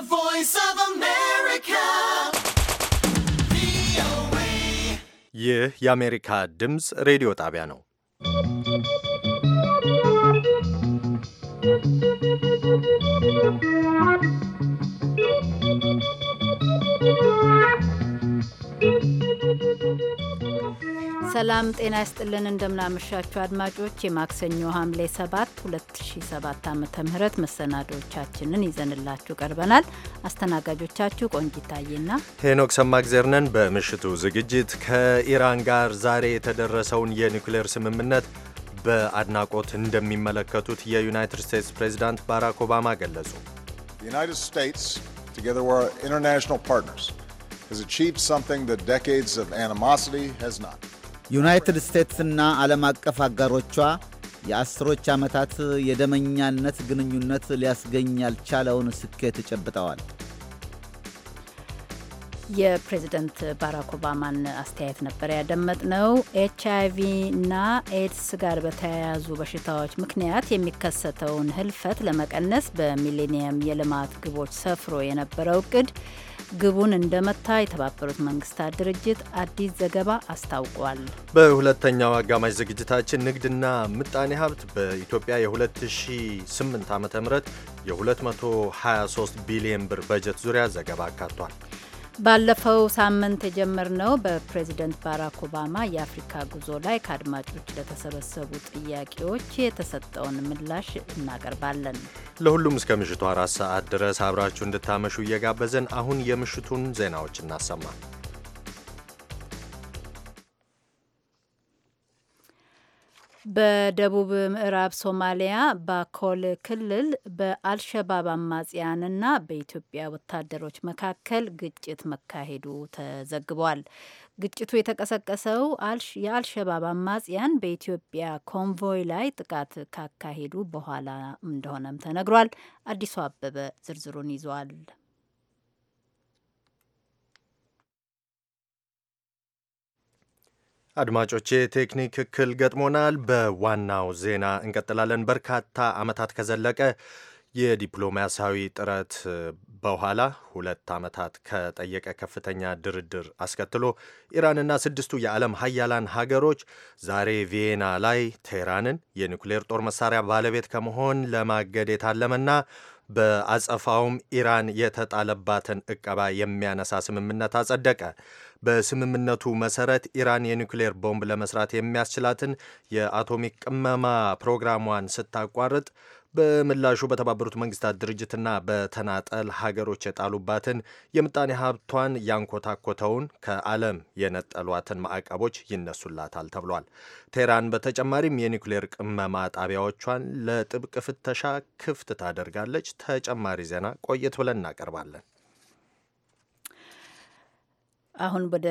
The voice of America. VOA. ይህ America dims radio tabiano. ሰላም ጤና ይስጥልን። እንደምናመሻችሁ አድማጮች የማክሰኞ ሐምሌ 7 2007 ዓ ም መሰናዶቻችንን ይዘንላችሁ ቀርበናል። አስተናጋጆቻችሁ ቆንጂት ታዬና ሄኖክ ሰማግዜርነን። በምሽቱ ዝግጅት ከኢራን ጋር ዛሬ የተደረሰውን የኒውክሌር ስምምነት በአድናቆት እንደሚመለከቱት የዩናይትድ ስቴትስ ፕሬዚዳንት ባራክ ኦባማ ገለጹ። ዩናይትድ ስቴትስ together with our international has achieved something that decades of animosity has not. ዩናይትድ ስቴትስና ዓለም አቀፍ አጋሮቿ የአስሮች ዓመታት የደመኛነት ግንኙነት ሊያስገኝ ያልቻለውን ስኬት ጨብጠዋል። የፕሬዝደንት ባራክ ኦባማን አስተያየት ነበር ያደመጥነው። ኤች አይቪ እና ኤድስ ጋር በተያያዙ በሽታዎች ምክንያት የሚከሰተውን ህልፈት ለመቀነስ በሚሌኒየም የልማት ግቦች ሰፍሮ የነበረው እቅድ ግቡን እንደመታ የተባበሩት መንግስታት ድርጅት አዲስ ዘገባ አስታውቋል። በሁለተኛው አጋማሽ ዝግጅታችን ንግድና ምጣኔ ሀብት በኢትዮጵያ የ2008 ዓ ም የ223 ቢሊዮን ብር በጀት ዙሪያ ዘገባ አካቷል። ባለፈው ሳምንት የጀመርነው በፕሬዚደንት ባራክ ኦባማ የአፍሪካ ጉዞ ላይ ከአድማጮች ለተሰበሰቡ ጥያቄዎች የተሰጠውን ምላሽ እናቀርባለን። ለሁሉም እስከ ምሽቱ አራት ሰዓት ድረስ አብራችሁ እንድታመሹ እየጋበዘን አሁን የምሽቱን ዜናዎች እናሰማል። በደቡብ ምዕራብ ሶማሊያ ባኮል ክልል በአልሸባብ አማጽያንና በኢትዮጵያ ወታደሮች መካከል ግጭት መካሄዱ ተዘግቧል። ግጭቱ የተቀሰቀሰው የአልሸባብ አማጽያን በኢትዮጵያ ኮንቮይ ላይ ጥቃት ካካሄዱ በኋላ እንደሆነም ተነግሯል። አዲሱ አበበ ዝርዝሩን ይዟል። አድማጮች የቴክኒክ እክል ገጥሞናል። በዋናው ዜና እንቀጥላለን። በርካታ ዓመታት ከዘለቀ የዲፕሎማሲያዊ ጥረት በኋላ ሁለት ዓመታት ከጠየቀ ከፍተኛ ድርድር አስከትሎ ኢራንና ስድስቱ የዓለም ሀያላን ሀገሮች ዛሬ ቪየና ላይ ቴህራንን የኒውክሌር ጦር መሳሪያ ባለቤት ከመሆን ለማገድ የታለመና በአጸፋውም ኢራን የተጣለባትን እቀባ የሚያነሳ ስምምነት አጸደቀ። በስምምነቱ መሰረት ኢራን የኒውክሌር ቦምብ ለመስራት የሚያስችላትን የአቶሚክ ቅመማ ፕሮግራሟን ስታቋርጥ በምላሹ በተባበሩት መንግስታት ድርጅትና በተናጠል ሀገሮች የጣሉባትን የምጣኔ ሀብቷን ያንኮታኮተውን ከዓለም የነጠሏትን ማዕቀቦች ይነሱላታል ተብሏል። ቴህራን በተጨማሪም የኒውክሌር ቅመማ ጣቢያዎቿን ለጥብቅ ፍተሻ ክፍት ታደርጋለች። ተጨማሪ ዜና ቆየት ብለን እናቀርባለን። አሁን ወደ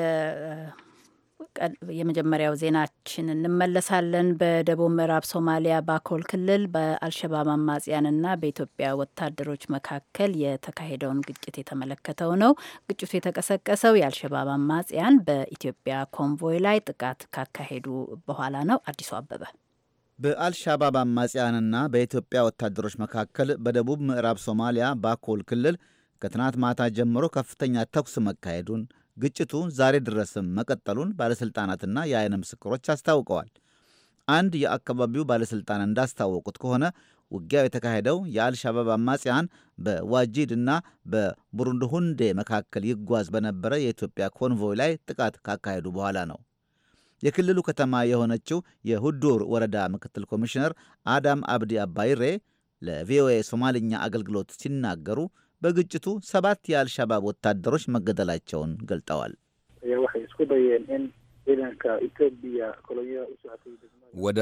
የመጀመሪያው ዜናችን እንመለሳለን። በደቡብ ምዕራብ ሶማሊያ ባኮል ክልል በአልሸባብ አማጽያንና በኢትዮጵያ ወታደሮች መካከል የተካሄደውን ግጭት የተመለከተው ነው። ግጭቱ የተቀሰቀሰው የአልሸባብ አማጽያን በኢትዮጵያ ኮንቮይ ላይ ጥቃት ካካሄዱ በኋላ ነው። አዲሱ አበበ በአልሻባብ አማጽያንና በኢትዮጵያ ወታደሮች መካከል በደቡብ ምዕራብ ሶማሊያ ባኮል ክልል ከትናንት ማታ ጀምሮ ከፍተኛ ተኩስ መካሄዱን ግጭቱ ዛሬ ድረስም መቀጠሉን ባለሥልጣናትና የአይን ምስክሮች አስታውቀዋል። አንድ የአካባቢው ባለሥልጣን እንዳስታወቁት ከሆነ ውጊያው የተካሄደው የአልሻባብ አማጽያን በዋጂድ እና በቡሩንድሁንዴ መካከል ይጓዝ በነበረ የኢትዮጵያ ኮንቮይ ላይ ጥቃት ካካሄዱ በኋላ ነው። የክልሉ ከተማ የሆነችው የሁዱር ወረዳ ምክትል ኮሚሽነር አዳም አብዲ አባይሬ ለቪኦኤ ሶማልኛ አገልግሎት ሲናገሩ በግጭቱ ሰባት የአልሻባብ ወታደሮች መገደላቸውን ገልጠዋል። ወደ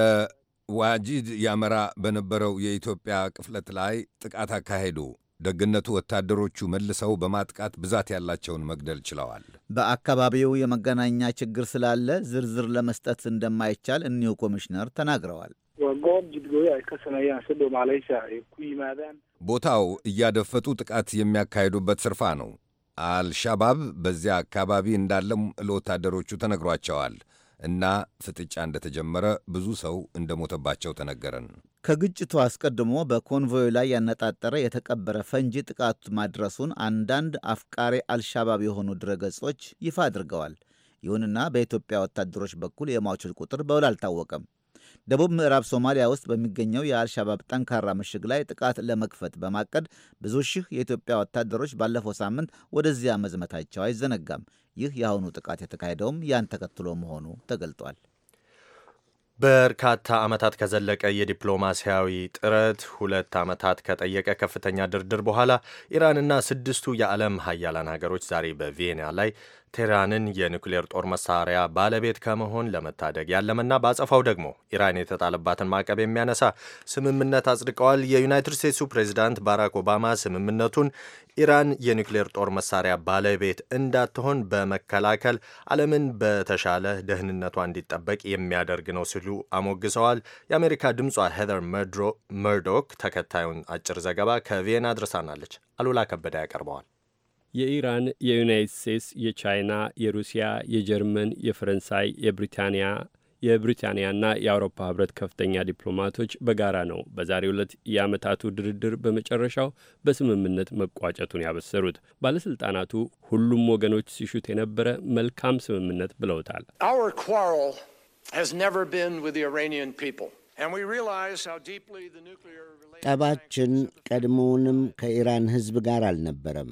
ዋጂድ ያመራ በነበረው የኢትዮጵያ ቅፍለት ላይ ጥቃት አካሄዱ። ደግነቱ ወታደሮቹ መልሰው በማጥቃት ብዛት ያላቸውን መግደል ችለዋል። በአካባቢው የመገናኛ ችግር ስላለ ዝርዝር ለመስጠት እንደማይቻል እኒሁ ኮሚሽነር ተናግረዋል። ቦታው እያደፈጡ ጥቃት የሚያካሂዱበት ስርፋ ነው። አልሻባብ በዚያ አካባቢ እንዳለም ለወታደሮቹ ተነግሯቸዋል እና ፍጥጫ እንደተጀመረ ብዙ ሰው እንደሞተባቸው ተነገረን። ከግጭቱ አስቀድሞ በኮንቮዩ ላይ ያነጣጠረ የተቀበረ ፈንጂ ጥቃቱ ማድረሱን አንዳንድ አፍቃሪ አልሻባብ የሆኑ ድረገጾች ይፋ አድርገዋል። ይሁንና በኢትዮጵያ ወታደሮች በኩል የሟቾች ቁጥር በውል አልታወቀም። ደቡብ ምዕራብ ሶማሊያ ውስጥ በሚገኘው የአልሻባብ ጠንካራ ምሽግ ላይ ጥቃት ለመክፈት በማቀድ ብዙ ሺህ የኢትዮጵያ ወታደሮች ባለፈው ሳምንት ወደዚያ መዝመታቸው አይዘነጋም። ይህ የአሁኑ ጥቃት የተካሄደውም ያን ተከትሎ መሆኑ ተገልጧል። በርካታ ዓመታት ከዘለቀ የዲፕሎማሲያዊ ጥረት ሁለት ዓመታት ከጠየቀ ከፍተኛ ድርድር በኋላ ኢራንና ስድስቱ የዓለም ሀያላን ሀገሮች ዛሬ በቪየና ላይ ቴህራንን የኒውክሌር ጦር መሳሪያ ባለቤት ከመሆን ለመታደግ ያለመና በአጸፋው ደግሞ ኢራን የተጣለባትን ማዕቀብ የሚያነሳ ስምምነት አጽድቀዋል። የዩናይትድ ስቴትሱ ፕሬዚዳንት ባራክ ኦባማ ስምምነቱን ኢራን የኒውክሌር ጦር መሳሪያ ባለቤት እንዳትሆን በመከላከል ዓለምን በተሻለ ደህንነቷ እንዲጠበቅ የሚያደርግ ነው ሲሉ አሞግሰዋል። የአሜሪካ ድምጿ ሄዘር መርዶክ ተከታዩን አጭር ዘገባ ከቪየና አድርሳናለች። አሉላ ከበደ ያቀርበዋል። የኢራን፣ የዩናይት ስቴትስ፣ የቻይና፣ የሩሲያ፣ የጀርመን፣ የፈረንሳይ፣ የብሪታንያ የብሪታንያና የአውሮፓ ህብረት ከፍተኛ ዲፕሎማቶች በጋራ ነው በዛሬ ዕለት የዓመታቱ ድርድር በመጨረሻው በስምምነት መቋጨቱን ያበሰሩት። ባለሥልጣናቱ ሁሉም ወገኖች ሲሹት የነበረ መልካም ስምምነት ብለውታል። ጠባችን ቀድሞውንም ከኢራን ህዝብ ጋር አልነበረም።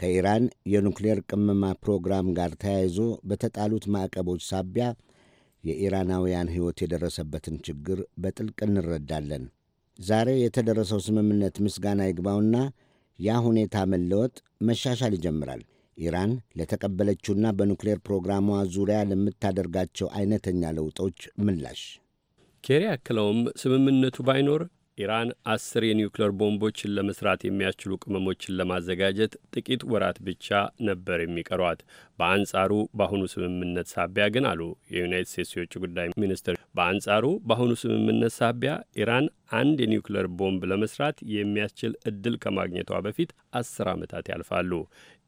ከኢራን የኑክሌር ቅመማ ፕሮግራም ጋር ተያይዞ በተጣሉት ማዕቀቦች ሳቢያ የኢራናውያን ሕይወት የደረሰበትን ችግር በጥልቅ እንረዳለን። ዛሬ የተደረሰው ስምምነት ምስጋና ይግባውና ያ ሁኔታ መለወጥ፣ መሻሻል ይጀምራል። ኢራን ለተቀበለችውና በኑክሌር ፕሮግራሟ ዙሪያ ለምታደርጋቸው አይነተኛ ለውጦች ምላሽ ኬሪ አክለውም ስምምነቱ ባይኖር ኢራን አስር የኒውክሌር ቦምቦችን ለመስራት የሚያስችሉ ቅመሞችን ለማዘጋጀት ጥቂት ወራት ብቻ ነበር የሚቀሯት። በአንጻሩ በአሁኑ ስምምነት ሳቢያ ግን አሉ የዩናይት ስቴትስ የውጭ ጉዳይ ሚኒስትር፣ በአንጻሩ በአሁኑ ስምምነት ሳቢያ ኢራን አንድ የኒውክሌር ቦምብ ለመስራት የሚያስችል እድል ከማግኘቷ በፊት አስር ዓመታት ያልፋሉ።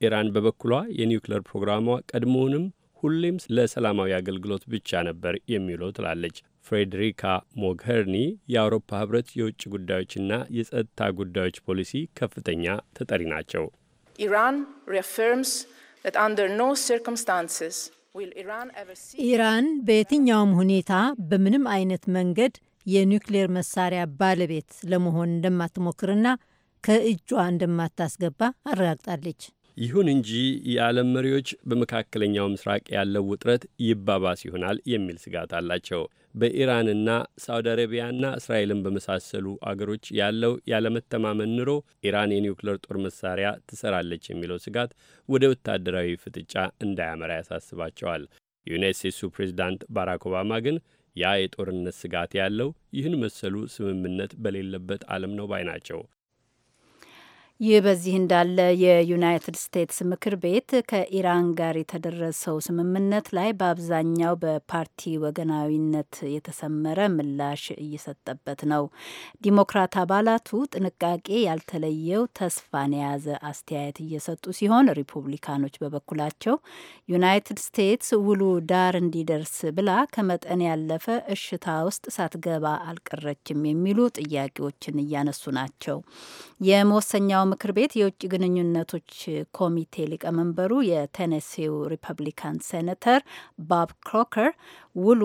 ኢራን በበኩሏ የኒውክሌር ፕሮግራሟ ቀድሞውንም ሁሌም ለሰላማዊ አገልግሎት ብቻ ነበር የሚውለው ትላለች። ፍሬድሪካ ሞግሄርኒ የአውሮፓ ህብረት የውጭ ጉዳዮችና የጸጥታ ጉዳዮች ፖሊሲ ከፍተኛ ተጠሪ ናቸው። ኢራን ሪአፈርምስ ዛት አንደር ኖ ሲርክምስታንስስ ኢራን በየትኛውም ሁኔታ በምንም አይነት መንገድ የኒውክሌር መሳሪያ ባለቤት ለመሆን እንደማትሞክርና ከእጇ እንደማታስገባ አረጋግጣለች። ይሁን እንጂ የዓለም መሪዎች በመካከለኛው ምስራቅ ያለው ውጥረት ይባባስ ይሆናል የሚል ስጋት አላቸው። በኢራንና ሳውዲ አረቢያና እስራኤልን በመሳሰሉ አገሮች ያለው ያለመተማመን ኑሮ ኢራን የኒውክሌር ጦር መሳሪያ ትሰራለች የሚለው ስጋት ወደ ወታደራዊ ፍጥጫ እንዳያመራ ያሳስባቸዋል። የዩናይት ስቴትሱ ፕሬዚዳንት ባራክ ኦባማ ግን ያ የጦርነት ስጋት ያለው ይህን መሰሉ ስምምነት በሌለበት ዓለም ነው ባይ ናቸው። ይህ በዚህ እንዳለ የዩናይትድ ስቴትስ ምክር ቤት ከኢራን ጋር የተደረሰው ስምምነት ላይ በአብዛኛው በፓርቲ ወገናዊነት የተሰመረ ምላሽ እየሰጠበት ነው። ዲሞክራት አባላቱ ጥንቃቄ ያልተለየው ተስፋን የያዘ አስተያየት እየሰጡ ሲሆን፣ ሪፑብሊካኖች በበኩላቸው ዩናይትድ ስቴትስ ውሉ ዳር እንዲደርስ ብላ ከመጠን ያለፈ እሽታ ውስጥ ሳትገባ አልቀረችም የሚሉ ጥያቄዎችን እያነሱ ናቸው። የመወሰኛው ምክር ቤት የውጭ ግንኙነቶች ኮሚቴ ሊቀመንበሩ የቴኔሲው ሪፐብሊካን ሴኔተር ባብ ክሮከር ውሉ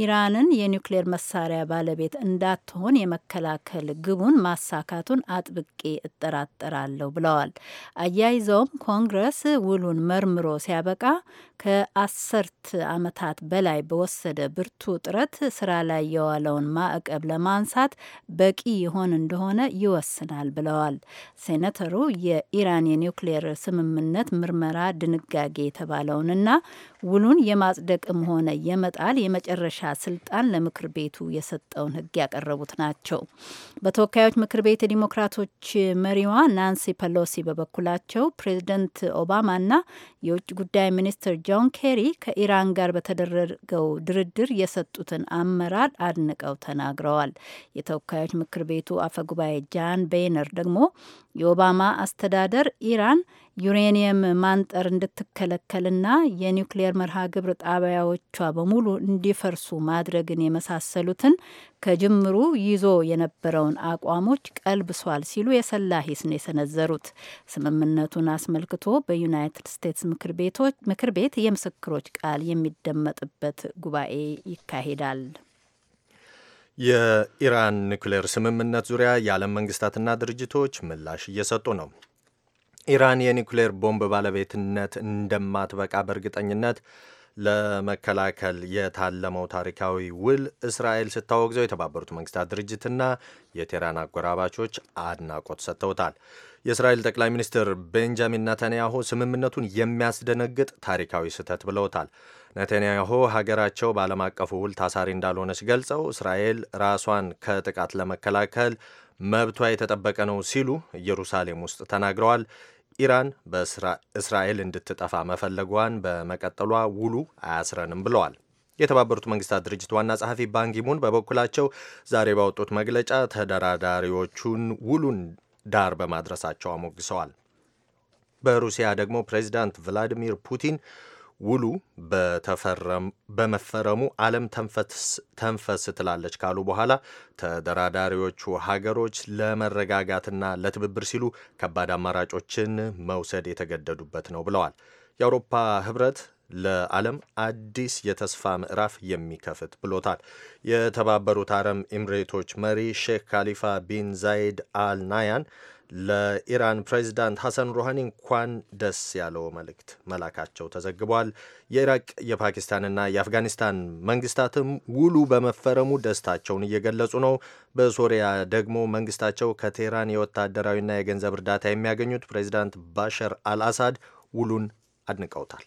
ኢራንን የኒውክሌር መሳሪያ ባለቤት እንዳትሆን የመከላከል ግቡን ማሳካቱን አጥብቄ እጠራጠራለሁ ብለዋል። አያይዘውም ኮንግረስ ውሉን መርምሮ ሲያበቃ ከአስርት ዓመታት በላይ በወሰደ ብርቱ ጥረት ስራ ላይ የዋለውን ማዕቀብ ለማንሳት በቂ ይሆን እንደሆነ ይወስናል ብለዋል። ሴኔተሩ የኢራን የኒውክሌር ስምምነት ምርመራ ድንጋጌ የተባለውንና ውሉን የማጽደቅም ሆነ የመጣል የመጨረሻ ስልጣን ለምክር ቤቱ የሰጠውን ህግ ያቀረቡት ናቸው። በተወካዮች ምክር ቤት የዲሞክራቶች መሪዋ ናንሲ ፐሎሲ በበኩላቸው ፕሬዚደንት ኦባማና የውጭ ጉዳይ ሚኒስትር ጆን ኬሪ ከኢራን ጋር በተደረገው ድርድር የሰጡትን አመራር አድንቀው ተናግረዋል። የተወካዮች ምክር ቤቱ አፈጉባኤ ጃን ቤነር ደግሞ የኦባማ አስተዳደር ኢራን ዩሬኒየም ማንጠር እንድትከለከልና የኒውክሌር መርሃ ግብር ጣቢያዎቿ በሙሉ እንዲፈርሱ ማድረግን የመሳሰሉትን ከጅምሩ ይዞ የነበረውን አቋሞች ቀልብሷል ሲሉ የሰላ ሂስ ነው የሰነዘሩት። ስምምነቱን አስመልክቶ በዩናይትድ ስቴትስ ምክር ቤት የምስክሮች ቃል የሚደመጥበት ጉባኤ ይካሄዳል። የኢራን ኒውክሌር ስምምነት ዙሪያ የዓለም መንግስታትና ድርጅቶች ምላሽ እየሰጡ ነው። ኢራን የኒኩሌር ቦምብ ባለቤትነት እንደማትበቃ በእርግጠኝነት ለመከላከል የታለመው ታሪካዊ ውል እስራኤል ስታወግዘው የተባበሩት መንግስታት ድርጅትና የቴህራን አጎራባቾች አድናቆት ሰጥተውታል። የእስራኤል ጠቅላይ ሚኒስትር ቤንጃሚን ነተንያሁ ስምምነቱን የሚያስደነግጥ ታሪካዊ ስህተት ብለውታል። ነተንያሁ ሀገራቸው በዓለም አቀፉ ውል ታሳሪ እንዳልሆነች ገልጸው እስራኤል ራሷን ከጥቃት ለመከላከል መብቷ የተጠበቀ ነው ሲሉ ኢየሩሳሌም ውስጥ ተናግረዋል። ኢራን በእስራኤል እንድትጠፋ መፈለጓን በመቀጠሏ ውሉ አያስረንም ብለዋል። የተባበሩት መንግስታት ድርጅት ዋና ጸሐፊ ባንኪሙን በበኩላቸው ዛሬ ባወጡት መግለጫ ተደራዳሪዎቹን ውሉን ዳር በማድረሳቸው አሞግሰዋል። በሩሲያ ደግሞ ፕሬዚዳንት ቭላዲሚር ፑቲን ውሉ በመፈረሙ ዓለም ተንፈስ ትላለች ካሉ በኋላ ተደራዳሪዎቹ ሀገሮች ለመረጋጋትና ለትብብር ሲሉ ከባድ አማራጮችን መውሰድ የተገደዱበት ነው ብለዋል። የአውሮፓ ህብረት ለዓለም አዲስ የተስፋ ምዕራፍ የሚከፍት ብሎታል። የተባበሩት አረብ ኤምሬቶች መሪ ሼክ ካሊፋ ቢን ዛይድ አል ናያን ለኢራን ፕሬዚዳንት ሐሰን ሩሃኒ እንኳን ደስ ያለው መልእክት መላካቸው ተዘግቧል። የኢራቅ የፓኪስታንና የአፍጋኒስታን መንግስታትም ውሉ በመፈረሙ ደስታቸውን እየገለጹ ነው። በሶሪያ ደግሞ መንግስታቸው ከቴህራን የወታደራዊና የገንዘብ እርዳታ የሚያገኙት ፕሬዚዳንት ባሻር አልአሳድ ውሉን አድንቀውታል።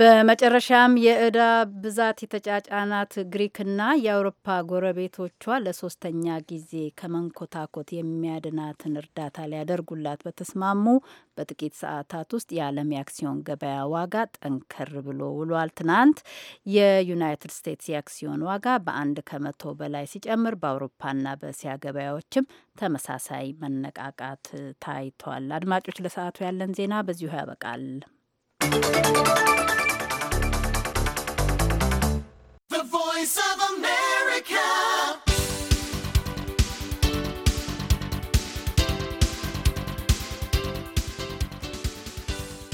በመጨረሻም የእዳ ብዛት የተጫጫናት ግሪክና የአውሮፓ ጎረቤቶቿ ለሶስተኛ ጊዜ ከመንኮታኮት የሚያድናትን እርዳታ ሊያደርጉላት በተስማሙ በጥቂት ሰዓታት ውስጥ የዓለም የአክሲዮን ገበያ ዋጋ ጠንከር ብሎ ውሏል። ትናንት የዩናይትድ ስቴትስ የአክሲዮን ዋጋ በአንድ ከመቶ በላይ ሲጨምር በአውሮፓና በእስያ ገበያዎችም ተመሳሳይ መነቃቃት ታይቷል። አድማጮች፣ ለሰዓቱ ያለን ዜና በዚሁ ያበቃል። Voice of them.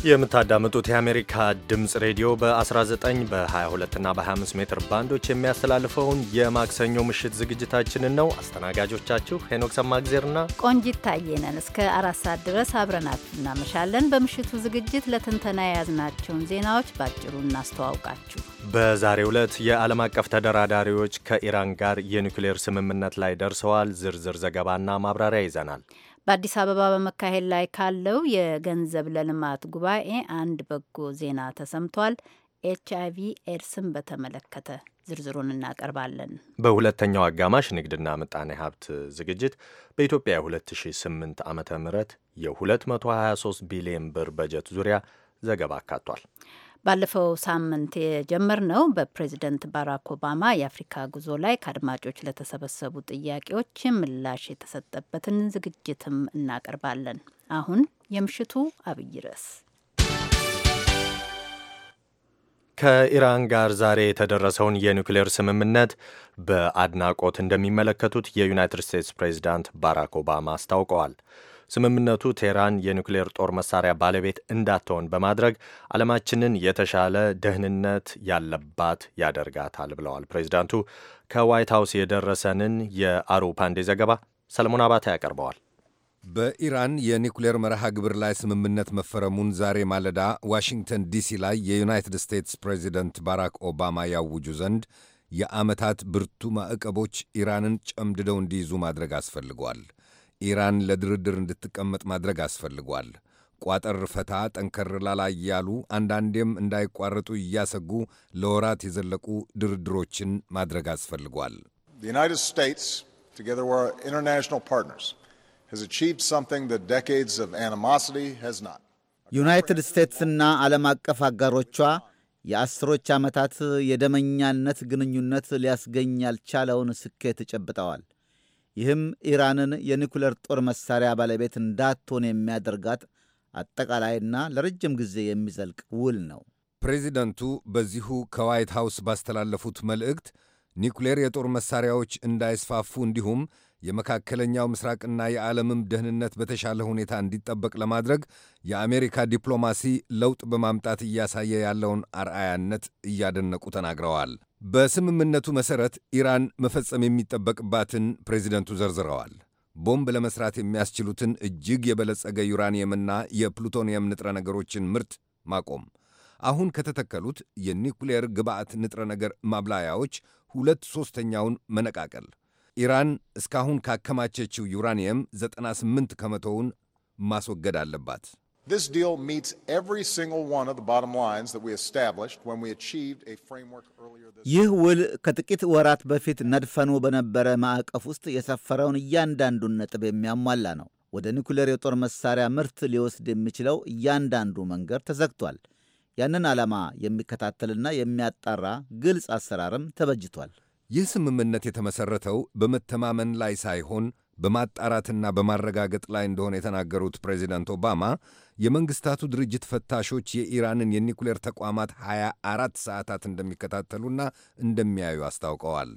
የምታዳምጡት የአሜሪካ ድምፅ ሬዲዮ በ19 በ22 እና በ25 ሜትር ባንዶች የሚያስተላልፈውን የማክሰኞ ምሽት ዝግጅታችንን ነው። አስተናጋጆቻችሁ ሄኖክ ሰማግዜርና ቆንጂት ታየነን እስከ አራት ሰዓት ድረስ አብረናችሁ እናመሻለን። በምሽቱ ዝግጅት ለትንተና የያዝናቸውን ዜናዎች ባጭሩ እናስተዋውቃችሁ። በዛሬ ዕለት የዓለም አቀፍ ተደራዳሪዎች ከኢራን ጋር የኒውክሌር ስምምነት ላይ ደርሰዋል። ዝርዝር ዘገባና ማብራሪያ ይዘናል። በአዲስ አበባ በመካሄድ ላይ ካለው የገንዘብ ለልማት ጉባኤ አንድ በጎ ዜና ተሰምቷል። ኤች አይቪ ኤድስን በተመለከተ ዝርዝሩን እናቀርባለን። በሁለተኛው አጋማሽ ንግድና ምጣኔ ሀብት ዝግጅት በኢትዮጵያ የ2008 ዓ ም የ223 ቢሊዮን ብር በጀት ዙሪያ ዘገባ አካቷል። ባለፈው ሳምንት የጀመርነው በፕሬዝደንት ባራክ ኦባማ የአፍሪካ ጉዞ ላይ ከአድማጮች ለተሰበሰቡ ጥያቄዎች ምላሽ የተሰጠበትን ዝግጅትም እናቀርባለን። አሁን የምሽቱ አብይ ርዕስ ከኢራን ጋር ዛሬ የተደረሰውን የኒውክሌር ስምምነት በአድናቆት እንደሚመለከቱት የዩናይትድ ስቴትስ ፕሬዚዳንት ባራክ ኦባማ አስታውቀዋል። ስምምነቱ ቴህራን የኒውክሌር ጦር መሳሪያ ባለቤት እንዳትሆን በማድረግ ዓለማችንን የተሻለ ደህንነት ያለባት ያደርጋታል ብለዋል ፕሬዚዳንቱ። ከዋይት ሀውስ የደረሰንን የአሩ ፓንዴ ዘገባ ሰለሞን አባታ ያቀርበዋል። በኢራን የኒውክሌር መርሃ ግብር ላይ ስምምነት መፈረሙን ዛሬ ማለዳ ዋሽንግተን ዲሲ ላይ የዩናይትድ ስቴትስ ፕሬዚደንት ባራክ ኦባማ ያውጁ ዘንድ የዓመታት ብርቱ ማዕቀቦች ኢራንን ጨምድደው እንዲይዙ ማድረግ አስፈልጓል። ኢራን ለድርድር እንድትቀመጥ ማድረግ አስፈልጓል። ቋጠር ፈታ ጠንከር ላላ እያሉ አንዳንዴም እንዳይቋረጡ እያሰጉ ለወራት የዘለቁ ድርድሮችን ማድረግ አስፈልጓል። ዩናይትድ ስቴትስ together with our international partners ዩናይትድ ስቴትስና ዓለም አቀፍ አጋሮቿ የአስሮች ዓመታት የደመኛነት ግንኙነት ሊያስገኝ ያልቻለውን ስኬት ጨብጠዋል። ይህም ኢራንን የኒኩለር ጦር መሳሪያ ባለቤት እንዳትሆን የሚያደርጋት አጠቃላይና ለረጅም ጊዜ የሚዘልቅ ውል ነው። ፕሬዚደንቱ በዚሁ ከዋይት ሃውስ ባስተላለፉት መልእክት ኒኩሌር የጦር መሳሪያዎች እንዳይስፋፉ እንዲሁም የመካከለኛው ምስራቅና የዓለምም ደህንነት በተሻለ ሁኔታ እንዲጠበቅ ለማድረግ የአሜሪካ ዲፕሎማሲ ለውጥ በማምጣት እያሳየ ያለውን አርአያነት እያደነቁ ተናግረዋል። በስምምነቱ መሠረት ኢራን መፈጸም የሚጠበቅባትን ፕሬዚደንቱ ዘርዝረዋል። ቦምብ ለመስራት የሚያስችሉትን እጅግ የበለጸገ ዩራኒየምና የፕሉቶኒየም ንጥረ ነገሮችን ምርት ማቆም፣ አሁን ከተተከሉት የኒውክሌር ግብዓት ንጥረ ነገር ማብላያዎች ሁለት ሦስተኛውን መነቃቀል ኢራን እስካሁን ካከማቸችው ዩራኒየም 98 ከመቶውን ማስወገድ አለባት። ይህ ውል ከጥቂት ወራት በፊት ነድፈኑ በነበረ ማዕቀፍ ውስጥ የሰፈረውን እያንዳንዱን ነጥብ የሚያሟላ ነው። ወደ ኒኩሌር የጦር መሳሪያ ምርት ሊወስድ የሚችለው እያንዳንዱ መንገድ ተዘግቷል። ያንን ዓላማ የሚከታተልና የሚያጣራ ግልጽ አሰራርም ተበጅቷል። ይህ ስምምነት የተመሠረተው በመተማመን ላይ ሳይሆን በማጣራትና በማረጋገጥ ላይ እንደሆነ የተናገሩት ፕሬዚደንት ኦባማ የመንግስታቱ ድርጅት ፈታሾች የኢራንን የኒኩሌር ተቋማት 24 ሰዓታት እንደሚከታተሉና እንደሚያዩ አስታውቀዋል።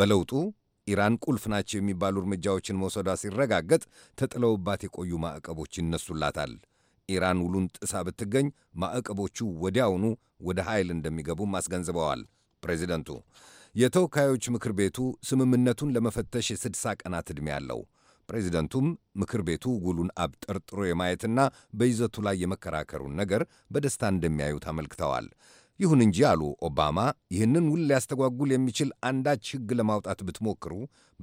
በለውጡ ኢራን ቁልፍ ናቸው የሚባሉ እርምጃዎችን መውሰዷ ሲረጋገጥ ተጥለውባት የቆዩ ማዕቀቦች ይነሱላታል። ኢራን ውሉን ጥሳ ብትገኝ ማዕቀቦቹ ወዲያውኑ ወደ ኃይል እንደሚገቡም አስገንዝበዋል ፕሬዚደንቱ። የተወካዮች ምክር ቤቱ ስምምነቱን ለመፈተሽ የስድሳ ቀናት ዕድሜ አለው። ፕሬዚደንቱም ምክር ቤቱ ውሉን አብጠርጥሮ የማየትና በይዘቱ ላይ የመከራከሩን ነገር በደስታ እንደሚያዩት አመልክተዋል። ይሁን እንጂ አሉ ኦባማ፣ ይህንን ውል ሊያስተጓጉል የሚችል አንዳች ሕግ ለማውጣት ብትሞክሩ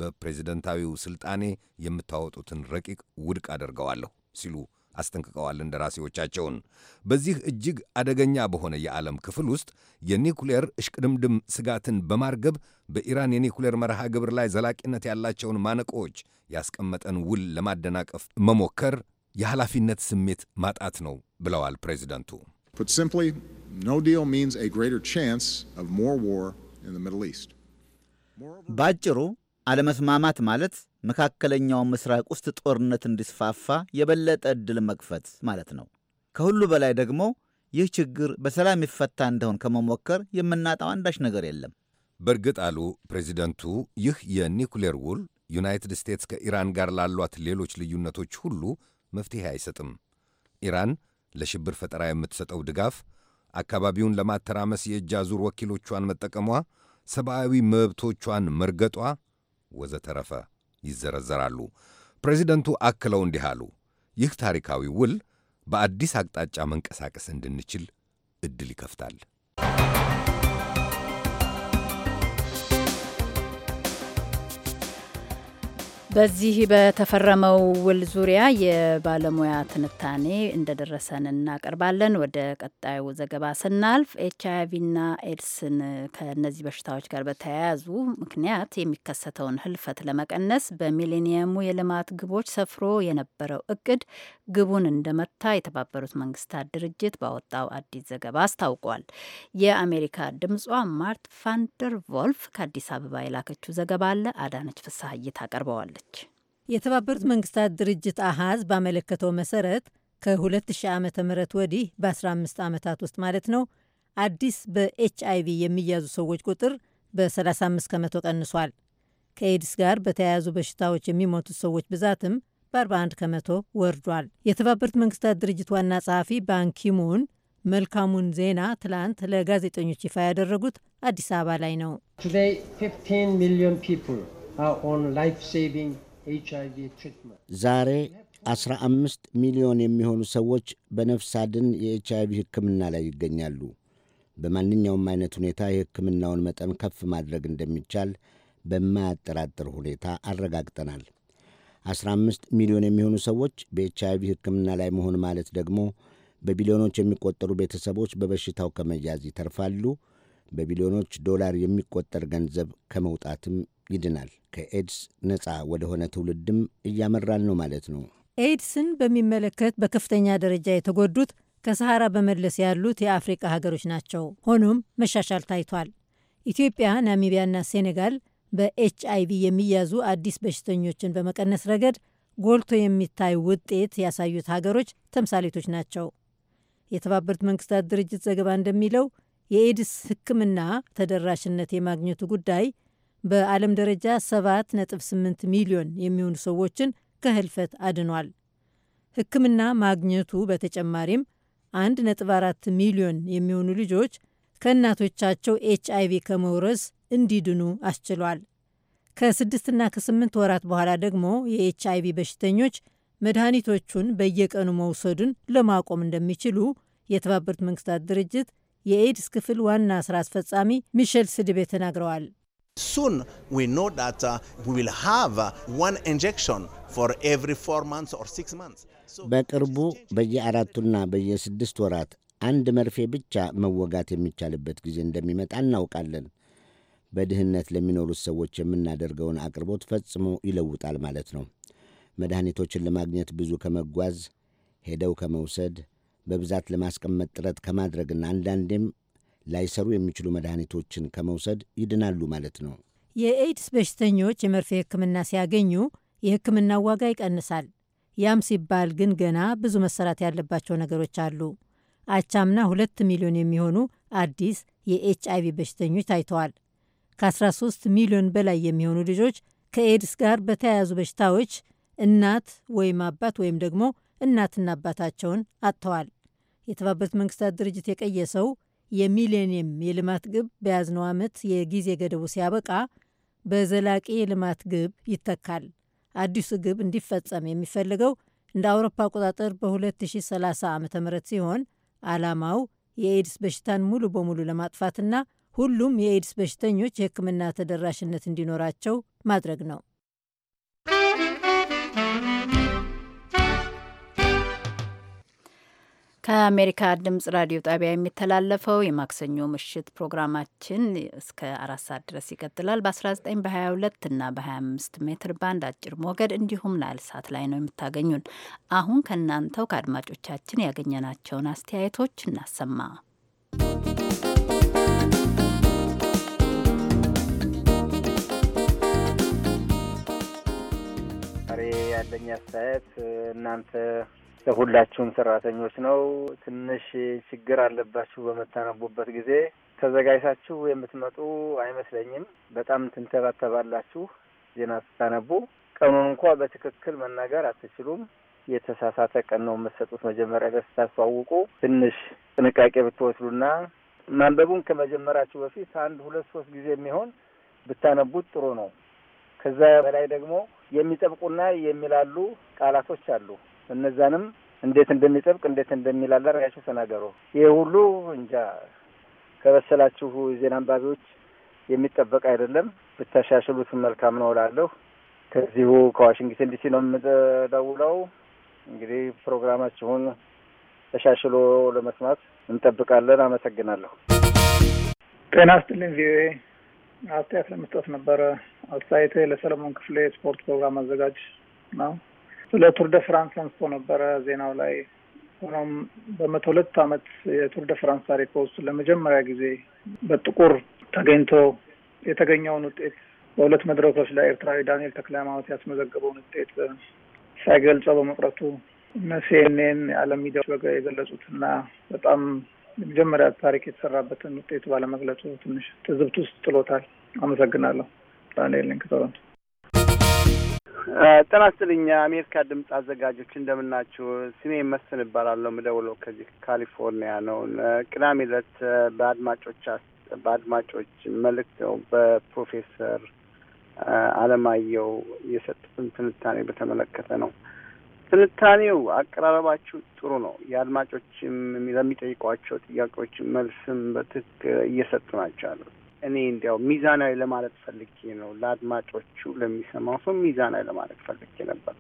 በፕሬዚደንታዊው ሥልጣኔ የምታወጡትን ረቂቅ ውድቅ አደርገዋለሁ ሲሉ አስጠንቅቀዋል እንደራሴዎቻቸውን። በዚህ እጅግ አደገኛ በሆነ የዓለም ክፍል ውስጥ የኒኩሌር እሽቅድምድም ስጋትን በማርገብ በኢራን የኒኩሌር መርሃ ግብር ላይ ዘላቂነት ያላቸውን ማነቆዎች ያስቀመጠን ውል ለማደናቀፍ መሞከር የኃላፊነት ስሜት ማጣት ነው ብለዋል ፕሬዚደንቱ። በአጭሩ አለመስማማት ማለት መካከለኛው ምስራቅ ውስጥ ጦርነት እንዲስፋፋ የበለጠ ዕድል መክፈት ማለት ነው። ከሁሉ በላይ ደግሞ ይህ ችግር በሰላም ይፈታ እንደሆን ከመሞከር የምናጣው አንዳች ነገር የለም። በእርግጥ አሉ ፕሬዚደንቱ፣ ይህ የኒኩሌር ውል ዩናይትድ ስቴትስ ከኢራን ጋር ላሏት ሌሎች ልዩነቶች ሁሉ መፍትሄ አይሰጥም። ኢራን ለሽብር ፈጠራ የምትሰጠው ድጋፍ፣ አካባቢውን ለማተራመስ የእጅ አዙር ወኪሎቿን መጠቀሟ፣ ሰብአዊ መብቶቿን መርገጧ ወዘተረፈ ይዘረዘራሉ። ፕሬዚደንቱ አክለው እንዲህ አሉ። ይህ ታሪካዊ ውል በአዲስ አቅጣጫ መንቀሳቀስ እንድንችል ዕድል ይከፍታል። በዚህ በተፈረመው ውል ዙሪያ የባለሙያ ትንታኔ እንደደረሰን እናቀርባለን። ወደ ቀጣዩ ዘገባ ስናልፍ ኤች አይቪና ኤድስን ከእነዚህ በሽታዎች ጋር በተያያዙ ምክንያት የሚከሰተውን ህልፈት ለመቀነስ በሚሌኒየሙ የልማት ግቦች ሰፍሮ የነበረው እቅድ ግቡን እንደመታ የተባበሩት መንግስታት ድርጅት ባወጣው አዲስ ዘገባ አስታውቋል። የአሜሪካ ድምጿ ማርት ፋንደር ቮልፍ ከአዲስ አበባ የላከችው ዘገባ አለ። አዳነች ፍሳሀይት ታቀርበዋለች። ቱርክ። የተባበሩት መንግስታት ድርጅት አሃዝ ባመለከተው መሰረት ከ2000 ዓ ም ወዲህ በ15 ዓመታት ውስጥ ማለት ነው አዲስ በኤች አይቪ የሚያዙ ሰዎች ቁጥር በ35 ከመቶ ቀንሷል። ከኤድስ ጋር በተያያዙ በሽታዎች የሚሞቱት ሰዎች ብዛትም በ41 ከመቶ ወርዷል። የተባበሩት መንግስታት ድርጅት ዋና ጸሐፊ ባንኪሙን መልካሙን ዜና ትላንት ለጋዜጠኞች ይፋ ያደረጉት አዲስ አበባ ላይ ነው። Uh, ዛሬ 15 ሚሊዮን የሚሆኑ ሰዎች በነፍስ አድን የኤች አይቪ ሕክምና ላይ ይገኛሉ። በማንኛውም አይነት ሁኔታ የሕክምናውን መጠን ከፍ ማድረግ እንደሚቻል በማያጠራጥር ሁኔታ አረጋግጠናል። 15 ሚሊዮን የሚሆኑ ሰዎች በኤች ቪ ሕክምና ላይ መሆን ማለት ደግሞ በቢሊዮኖች የሚቆጠሩ ቤተሰቦች በበሽታው ከመያዝ ይተርፋሉ። በቢሊዮኖች ዶላር የሚቆጠር ገንዘብ ከመውጣትም ይድናል። ከኤድስ ነፃ ወደሆነ ትውልድም እያመራን ነው ማለት ነው። ኤድስን በሚመለከት በከፍተኛ ደረጃ የተጎዱት ከሰሐራ በመለስ ያሉት የአፍሪቃ ሀገሮች ናቸው። ሆኖም መሻሻል ታይቷል። ኢትዮጵያ፣ ናሚቢያና ሴኔጋል በኤች አይቪ የሚያዙ አዲስ በሽተኞችን በመቀነስ ረገድ ጎልቶ የሚታይ ውጤት ያሳዩት ሀገሮች ተምሳሌቶች ናቸው። የተባበሩት መንግስታት ድርጅት ዘገባ እንደሚለው የኤድስ ሕክምና ተደራሽነት የማግኘቱ ጉዳይ በዓለም ደረጃ 7.8 ሚሊዮን የሚሆኑ ሰዎችን ከህልፈት አድኗል። ሕክምና ማግኘቱ በተጨማሪም 1.4 ሚሊዮን የሚሆኑ ልጆች ከእናቶቻቸው ኤች አይቪ ከመውረስ እንዲድኑ አስችሏል። ከስድስትና ከስምንት ወራት በኋላ ደግሞ የኤች አይቪ በሽተኞች መድኃኒቶቹን በየቀኑ መውሰዱን ለማቆም እንደሚችሉ የተባበሩት መንግስታት ድርጅት የኤድስ ክፍል ዋና ስራ አስፈጻሚ ሚሸል ስድቤ ተናግረዋል። Soon we know that uh, we will have uh, one injection for every four months or six months. በቅርቡ በየአራቱና በየስድስት ወራት አንድ መርፌ ብቻ መወጋት የሚቻልበት ጊዜ እንደሚመጣ እናውቃለን። በድህነት ለሚኖሩት ሰዎች የምናደርገውን አቅርቦት ፈጽሞ ይለውጣል ማለት ነው። መድኃኒቶችን ለማግኘት ብዙ ከመጓዝ ሄደው ከመውሰድ በብዛት ለማስቀመጥ ጥረት ከማድረግና አንዳንዴም ላይሰሩ የሚችሉ መድኃኒቶችን ከመውሰድ ይድናሉ ማለት ነው። የኤድስ በሽተኞች የመርፌ ሕክምና ሲያገኙ የህክምና ዋጋ ይቀንሳል። ያም ሲባል ግን ገና ብዙ መሰራት ያለባቸው ነገሮች አሉ። አቻምና ሁለት ሚሊዮን የሚሆኑ አዲስ የኤች አይቪ በሽተኞች ታይተዋል። ከ13 ሚሊዮን በላይ የሚሆኑ ልጆች ከኤድስ ጋር በተያያዙ በሽታዎች እናት ወይም አባት ወይም ደግሞ እናትና አባታቸውን አጥተዋል። የተባበሩት መንግስታት ድርጅት የቀየሰው የሚሌኒየም የልማት ግብ በያዝነው ዓመት የጊዜ ገደቡ ሲያበቃ በዘላቂ የልማት ግብ ይተካል። አዲሱ ግብ እንዲፈጸም የሚፈልገው እንደ አውሮፓ አቆጣጠር በ2030 ዓ ም ሲሆን ዓላማው የኤድስ በሽታን ሙሉ በሙሉ ለማጥፋትና ሁሉም የኤድስ በሽተኞች የሕክምና ተደራሽነት እንዲኖራቸው ማድረግ ነው። ከአሜሪካ ድምጽ ራዲዮ ጣቢያ የሚተላለፈው የማክሰኞ ምሽት ፕሮግራማችን እስከ አራት ሰዓት ድረስ ይቀጥላል። በ19 በ22 እና በ25 ሜትር ባንድ አጭር ሞገድ እንዲሁም ናይል ሳት ላይ ነው የምታገኙን። አሁን ከእናንተው ከአድማጮቻችን ያገኘናቸውን አስተያየቶች እናሰማ። ዛሬ ያለኝ አስተያየት እናንተ ለሁላችሁም ሰራተኞች ነው። ትንሽ ችግር አለባችሁ በምታነቡበት ጊዜ ተዘጋጅታችሁ የምትመጡ አይመስለኝም። በጣም ትንተባተባላችሁ ዜና ስታነቡ። ቀኑን እንኳ በትክክል መናገር አትችሉም። የተሳሳተ ቀን ነው የምትሰጡት። መጀመሪያ ላይ ስታስተዋውቁ ትንሽ ጥንቃቄ ብትወስዱና ማንበቡን ከመጀመራችሁ በፊት አንድ ሁለት ሶስት ጊዜ የሚሆን ብታነቡት ጥሩ ነው። ከዛ በላይ ደግሞ የሚጠብቁና የሚላሉ ቃላቶች አሉ። እነዛንም እንዴት እንደሚጠብቅ እንዴት እንደሚላላ ራያቸው ተናገሩ። ይህ ሁሉ እንጃ ከበሰላችሁ የዜና አንባቢዎች የሚጠበቅ አይደለም። ብታሻሽሉትን መልካም ነው እላለሁ። ከዚሁ ከዋሽንግተን ዲሲ ነው የምደውለው። እንግዲህ ፕሮግራማችሁን ተሻሽሎ ለመስማት እንጠብቃለን። አመሰግናለሁ። ጤና ይስጥልኝ። ቪኦኤ አስተያየት ለመስጠት ነበረ። አስተያየቴ ለሰለሞን ክፍሌ ስፖርት ፕሮግራም አዘጋጅ ነው። ለቱር ደ ፍራንስ አንስቶ ነበረ ዜናው ላይ። ሆኖም በመቶ ሁለት አመት የቱር ደ ፍራንስ ታሪክ ውስጥ ለመጀመሪያ ጊዜ በጥቁር ተገኝቶ የተገኘውን ውጤት በሁለት መድረኮች ላይ ኤርትራዊ ዳንኤል ተክለሃይማኖት ያስመዘገበውን ውጤት ሳይገልጸው በመቅረቱ እነ ሲኤንኤን የዓለም ሚዲያዎች በገ የገለጹት እና በጣም የመጀመሪያ ታሪክ የተሰራበትን ውጤት ባለመግለጹ ትንሽ ትዝብት ውስጥ ጥሎታል። አመሰግናለሁ። ዳንኤል ሊንክ ጤና ይስጥልኝ። አሜሪካ ድምፅ አዘጋጆች እንደምናችሁ። ስሜ መስፍን እባላለሁ። የምደውለው ከዚህ ካሊፎርኒያ ነው። ቅዳሜ ዕለት በአድማጮች በአድማጮች መልእክት ነው በፕሮፌሰር አለማየሁ የሰጡትን ትንታኔ በተመለከተ ነው። ትንታኔው አቀራረባችሁ ጥሩ ነው። የአድማጮችም ለሚጠይቋቸው ጥያቄዎች መልስም በትክክል እየሰጡ ናቸው ያሉት እኔ እንዲያው ሚዛናዊ ለማለት ፈልጌ ነው። ለአድማጮቹ ለሚሰማው ሰው ሚዛናዊ ለማለት ፈልጌ ነበር።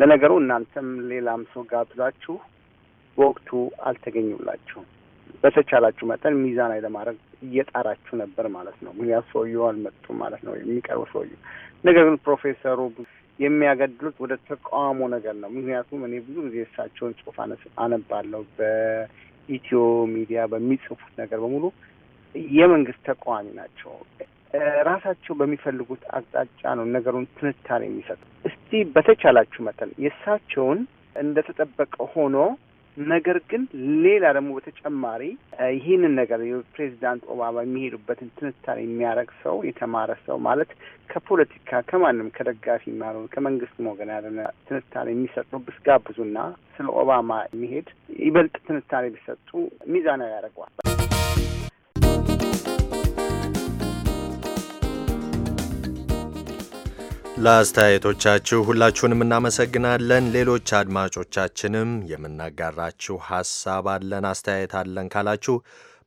ለነገሩ እናንተም ሌላም ሰው ጋብዛችሁ በወቅቱ አልተገኙላችሁም። በተቻላችሁ መጠን ሚዛናዊ ለማድረግ እየጣራችሁ ነበር ማለት ነው። ምክንያቱ ሰውየው አልመጡም ማለት ነው የሚቀርቡ ሰውየው። ነገር ግን ፕሮፌሰሩ የሚያገድሉት ወደ ተቃውሞ ነገር ነው። ምክንያቱም እኔ ብዙ ጊዜ እሳቸውን ጽሁፍ አነባለሁ በኢትዮ ሚዲያ በሚጽፉት ነገር በሙሉ የመንግስት ተቃዋሚ ናቸው። ራሳቸው በሚፈልጉት አቅጣጫ ነው ነገሩን ትንታኔ የሚሰጡ። እስቲ በተቻላችሁ መጠን የእሳቸውን እንደተጠበቀ ሆኖ ነገር ግን ሌላ ደግሞ በተጨማሪ ይህንን ነገር የፕሬዚዳንት ኦባማ የሚሄዱበትን ትንታኔ የሚያደርግ ሰው የተማረ ሰው ማለት ከፖለቲካ ከማንም ከደጋፊ ማለሆን ከመንግስት ወገን ያለ ትንታኔ የሚሰጡ ብስጋብዙና ስለ ኦባማ የሚሄድ ይበልጥ ትንታኔ ቢሰጡ ሚዛናዊ ያደርገዋል። ለአስተያየቶቻችሁ ሁላችሁንም እናመሰግናለን። ሌሎች አድማጮቻችንም የምናጋራችሁ ሐሳብ አለን፣ አስተያየት አለን ካላችሁ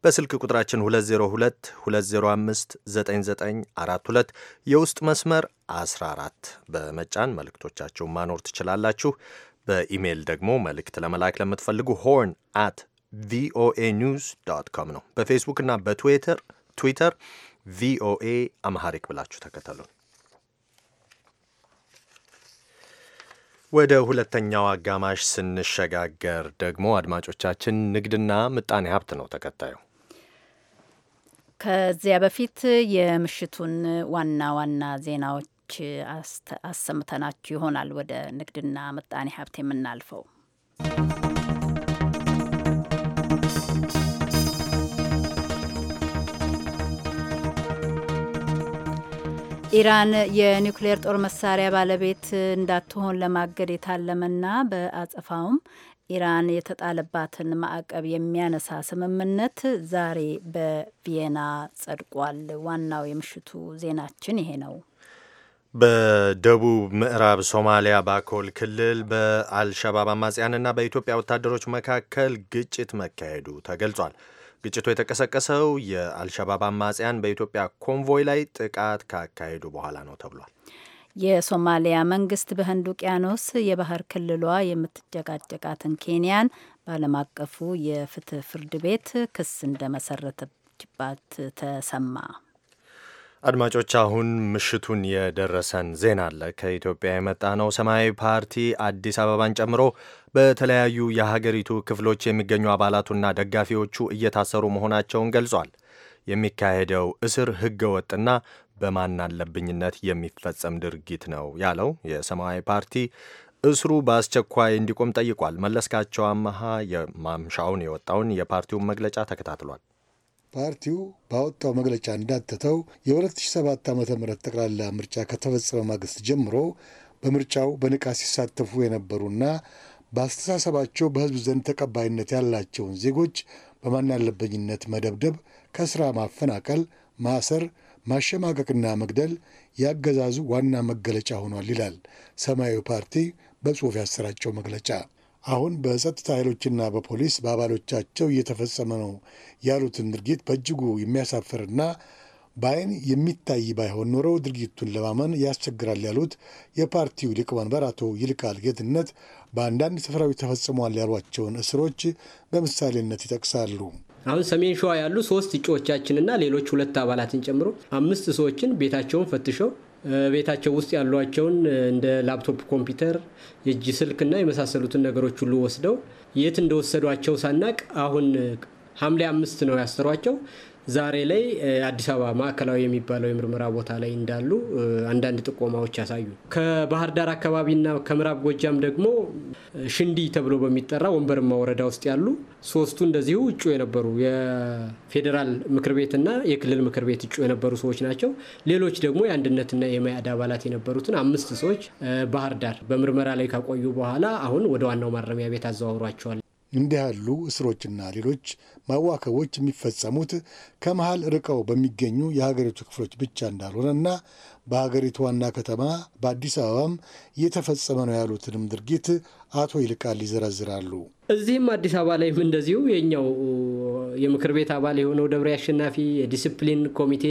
በስልክ ቁጥራችን 202 የውስጥ መስመር 14 በመጫን መልእክቶቻችሁን ማኖር ትችላላችሁ። በኢሜይል ደግሞ መልእክት ለመላክ ለምትፈልጉ ሆርን አት ቪኦኤ ኒውስ ዶት ኮም ነው። በፌስቡክ እና በትዊተር ትዊተር ቪኦኤ አምሃሪክ ብላችሁ ተከተሉን። ወደ ሁለተኛው አጋማሽ ስንሸጋገር ደግሞ አድማጮቻችን ንግድና ምጣኔ ሀብት ነው ተከታዩ። ከዚያ በፊት የምሽቱን ዋና ዋና ዜናዎች አሰምተናችሁ ይሆናል። ወደ ንግድና ምጣኔ ሀብት የምናልፈው ኢራን የኒውክሌር ጦር መሳሪያ ባለቤት እንዳትሆን ለማገድ የታለመና በአጸፋውም ኢራን የተጣለባትን ማዕቀብ የሚያነሳ ስምምነት ዛሬ በቪየና ጸድቋል። ዋናው የምሽቱ ዜናችን ይሄ ነው። በደቡብ ምዕራብ ሶማሊያ ባኮል ክልል በአልሸባብ አማጽያንና በኢትዮጵያ ወታደሮች መካከል ግጭት መካሄዱ ተገልጿል። ግጭቱ የተቀሰቀሰው የአልሸባብ አማጽያን በኢትዮጵያ ኮንቮይ ላይ ጥቃት ካካሄዱ በኋላ ነው ተብሏል። የሶማሊያ መንግስት በህንድ ውቅያኖስ የባህር ክልሏ የምትጨቃጨቃትን ኬንያን በዓለም አቀፉ የፍትህ ፍርድ ቤት ክስ እንደመሰረተችባት ተሰማ። አድማጮች አሁን ምሽቱን የደረሰን ዜና አለ። ከኢትዮጵያ የመጣ ነው። ሰማያዊ ፓርቲ አዲስ አበባን ጨምሮ በተለያዩ የሀገሪቱ ክፍሎች የሚገኙ አባላቱና ደጋፊዎቹ እየታሰሩ መሆናቸውን ገልጿል። የሚካሄደው እስር ህገወጥና በማናለብኝነት የሚፈጸም ድርጊት ነው ያለው የሰማያዊ ፓርቲ እስሩ በአስቸኳይ እንዲቆም ጠይቋል። መለስካቸው አመሃ የማምሻውን የወጣውን የፓርቲውን መግለጫ ተከታትሏል። ፓርቲው ባወጣው መግለጫ እንዳተተው የ2007 ዓ ም ጠቅላላ ምርጫ ከተፈጸመ ማግስት ጀምሮ በምርጫው በንቃት ሲሳተፉ የነበሩና በአስተሳሰባቸው በህዝብ ዘንድ ተቀባይነት ያላቸውን ዜጎች በማን ያለበኝነት መደብደብ፣ ከሥራ ማፈናቀል፣ ማሰር፣ ማሸማቀቅና መግደል ያገዛዙ ዋና መገለጫ ሆኗል ይላል ሰማያዊ ፓርቲ በጽሑፍ ያሰራጨው መግለጫ። አሁን በጸጥታ ኃይሎችና በፖሊስ በአባሎቻቸው እየተፈጸመ ነው ያሉትን ድርጊት በእጅጉ የሚያሳፍርና በአይን የሚታይ ባይሆን ኖረው ድርጊቱን ለማመን ያስቸግራል ያሉት የፓርቲው ሊቀመንበር አቶ ይልቃል ጌትነት በአንዳንድ ስፍራዊ ተፈጽሟል ያሏቸውን እስሮች በምሳሌነት ይጠቅሳሉ። አሁን ሰሜን ሸዋ ያሉ ሶስት እጩዎቻችንና ሌሎች ሁለት አባላትን ጨምሮ አምስት ሰዎችን ቤታቸውን ፈትሸው ቤታቸው ውስጥ ያሏቸውን እንደ ላፕቶፕ ኮምፒውተር፣ የእጅ ስልክና የመሳሰሉትን ነገሮች ሁሉ ወስደው የት እንደወሰዷቸው ሳናቅ አሁን ሐምሌ አምስት ነው ያሰሯቸው። ዛሬ ላይ አዲስ አበባ ማዕከላዊ የሚባለው የምርመራ ቦታ ላይ እንዳሉ አንዳንድ ጥቆማዎች ያሳዩ። ከባህር ዳር አካባቢና ከምዕራብ ጎጃም ደግሞ ሽንዲ ተብሎ በሚጠራ ወንበርማ ወረዳ ውስጥ ያሉ ሶስቱ እንደዚሁ እጩ የነበሩ የፌዴራል ምክር ቤትና የክልል ምክር ቤት እጩ የነበሩ ሰዎች ናቸው። ሌሎች ደግሞ የአንድነትና የመያድ አባላት የነበሩትን አምስት ሰዎች ባህር ዳር በምርመራ ላይ ካቆዩ በኋላ አሁን ወደ ዋናው ማረሚያ ቤት አዘዋውሯቸዋል። እንዲህ ያሉ እስሮችና ሌሎች ማዋከቦች የሚፈጸሙት ከመሃል ርቀው በሚገኙ የሀገሪቱ ክፍሎች ብቻ እንዳልሆነና በሀገሪቱ ዋና ከተማ በአዲስ አበባም እየተፈጸመ ነው ያሉትንም ድርጊት አቶ ይልቃል ይዘረዝራሉ። እዚህም አዲስ አበባ ላይም እንደዚሁ የኛው የምክር ቤት አባል የሆነው ደብሬ አሸናፊ የዲስፕሊን ኮሚቴ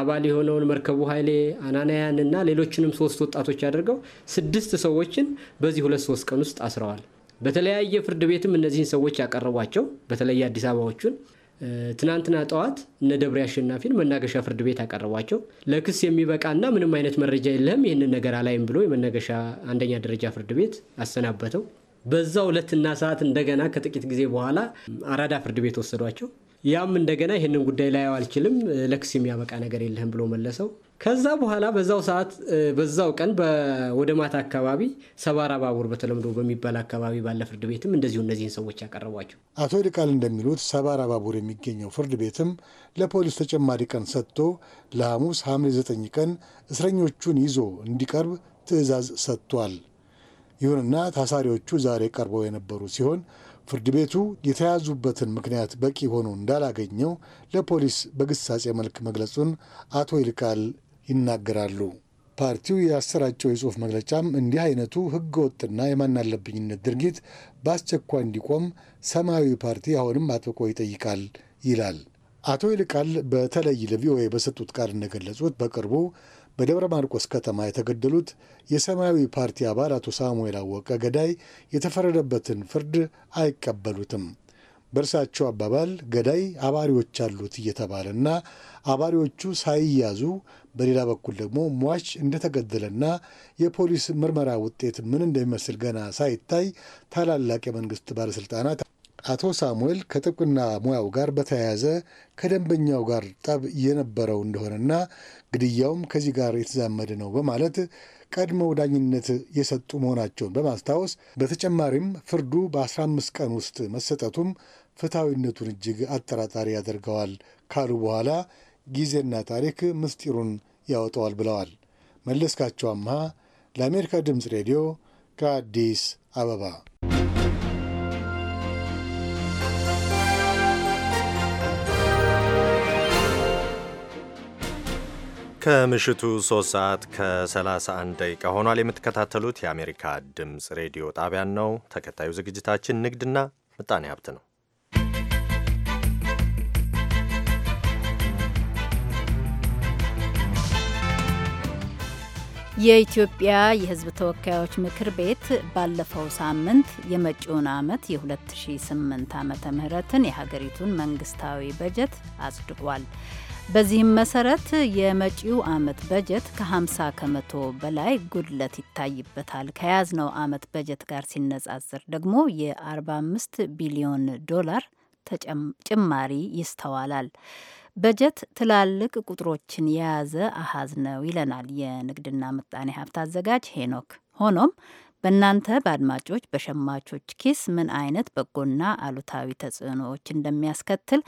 አባል የሆነውን መርከቡ ኃይሌ አናናያን እና ሌሎችንም ሶስት ወጣቶች አድርገው ስድስት ሰዎችን በዚህ ሁለት ሶስት ቀን ውስጥ አስረዋል። በተለያየ ፍርድ ቤትም እነዚህን ሰዎች ያቀረቧቸው በተለይ አዲስ አበባዎቹን ትናንትና ጠዋት እነ ደብሬ አሸናፊን መናገሻ ፍርድ ቤት ያቀረቧቸው ለክስ የሚበቃና ምንም አይነት መረጃ የለህም ይህንን ነገር አላይም ብሎ የመናገሻ አንደኛ ደረጃ ፍርድ ቤት አሰናበተው። በዛ ሁለትና ሰዓት እንደገና ከጥቂት ጊዜ በኋላ አራዳ ፍርድ ቤት ወሰዷቸው። ያም እንደገና ይህንን ጉዳይ ላየው አልችልም፣ ለክስ የሚያበቃ ነገር የለህም ብሎ መለሰው። ከዛ በኋላ በዛው ሰዓት በዛው ቀን ወደ ማታ አካባቢ ሰባራ ባቡር በተለምዶ በሚባል አካባቢ ባለ ፍርድ ቤትም እንደዚሁ እነዚህን ሰዎች ያቀረቧቸው። አቶ ይልቃል እንደሚሉት ሰባራ ባቡር የሚገኘው ፍርድ ቤትም ለፖሊስ ተጨማሪ ቀን ሰጥቶ ለሐሙስ ሐምሌ 9 ቀን እስረኞቹን ይዞ እንዲቀርብ ትዕዛዝ ሰጥቷል። ይሁንና ታሳሪዎቹ ዛሬ ቀርበው የነበሩ ሲሆን ፍርድ ቤቱ የተያዙበትን ምክንያት በቂ ሆኖ እንዳላገኘው ለፖሊስ በግሳጼ መልክ መግለጹን አቶ ይልቃል ይናገራሉ። ፓርቲው ያሰራጨው የጽሑፍ መግለጫም እንዲህ አይነቱ ህገ ወጥና የማናለብኝነት ድርጊት በአስቸኳይ እንዲቆም ሰማያዊ ፓርቲ አሁንም አጥብቆ ይጠይቃል ይላል። አቶ ይልቃል በተለይ ለቪኦኤ በሰጡት ቃል እንደገለጹት በቅርቡ በደብረ ማርቆስ ከተማ የተገደሉት የሰማያዊ ፓርቲ አባል አቶ ሳሙኤል አወቀ ገዳይ የተፈረደበትን ፍርድ አይቀበሉትም። በእርሳቸው አባባል ገዳይ አባሪዎች አሉት እየተባለና አባሪዎቹ ሳይያዙ በሌላ በኩል ደግሞ ሟች እንደተገደለና የፖሊስ ምርመራ ውጤት ምን እንደሚመስል ገና ሳይታይ ታላላቅ የመንግስት ባለስልጣናት አቶ ሳሙኤል ከጥብቅና ሙያው ጋር በተያያዘ ከደንበኛው ጋር ጠብ የነበረው እንደሆነና ግድያውም ከዚህ ጋር የተዛመደ ነው በማለት ቀድመው ዳኝነት የሰጡ መሆናቸውን በማስታወስ በተጨማሪም ፍርዱ በ15 ቀን ውስጥ መሰጠቱም ፍትሐዊነቱን እጅግ አጠራጣሪ ያደርገዋል ካሉ በኋላ ጊዜና ታሪክ ምስጢሩን ያወጣዋል ብለዋል። መለስካቸው አምሃ ለአሜሪካ ድምፅ ሬዲዮ ከአዲስ አበባ ከምሽቱ 3 ሰዓት ከ31 ደቂቃ ሆኗል። የምትከታተሉት የአሜሪካ ድምፅ ሬዲዮ ጣቢያን ነው። ተከታዩ ዝግጅታችን ንግድና ምጣኔ ሀብት ነው። የኢትዮጵያ የሕዝብ ተወካዮች ምክር ቤት ባለፈው ሳምንት የመጪውን ዓመት የ2008 ዓመተ ምህረትን የሀገሪቱን መንግስታዊ በጀት አጽድቋል። በዚህም መሰረት የመጪው ዓመት በጀት ከ50 ከመቶ በላይ ጉድለት ይታይበታል። ከያዝነው ዓመት በጀት ጋር ሲነጻጽር ደግሞ የ45 ቢሊዮን ዶላር ጭማሪ ይስተዋላል። በጀት ትላልቅ ቁጥሮችን የያዘ አሀዝ ነው ይለናል የንግድና ምጣኔ ሀብት አዘጋጅ ሄኖክ። ሆኖም በእናንተ በአድማጮች በሸማቾች ኪስ ምን አይነት በጎና አሉታዊ ተጽዕኖዎች እንደሚያስከትል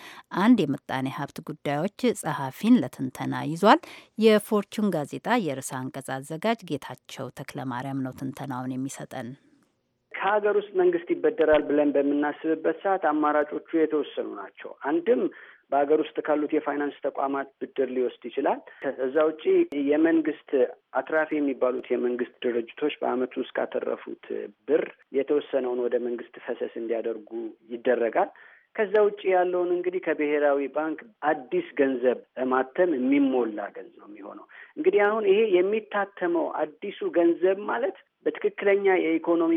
አንድ የምጣኔ ሀብት ጉዳዮች ጸሐፊን ለትንተና ይዟል። የፎርቹን ጋዜጣ የርዕሰ አንቀጽ አዘጋጅ ጌታቸው ተክለ ማርያም ነው ትንተናውን የሚሰጠን። ከሀገር ውስጥ መንግስት ይበደራል ብለን በምናስብበት ሰዓት አማራጮቹ የተወሰኑ ናቸው። አንድም በሀገር ውስጥ ካሉት የፋይናንስ ተቋማት ብድር ሊወስድ ይችላል። እዛ ውጪ የመንግስት አትራፊ የሚባሉት የመንግስት ድርጅቶች በአመቱ ውስጥ ካተረፉት ብር የተወሰነውን ወደ መንግስት ፈሰስ እንዲያደርጉ ይደረጋል። ከዛ ውጭ ያለውን እንግዲህ ከብሔራዊ ባንክ አዲስ ገንዘብ ማተም የሚሞላ ገንዘብ ነው የሚሆነው። እንግዲህ አሁን ይሄ የሚታተመው አዲሱ ገንዘብ ማለት በትክክለኛ የኢኮኖሚ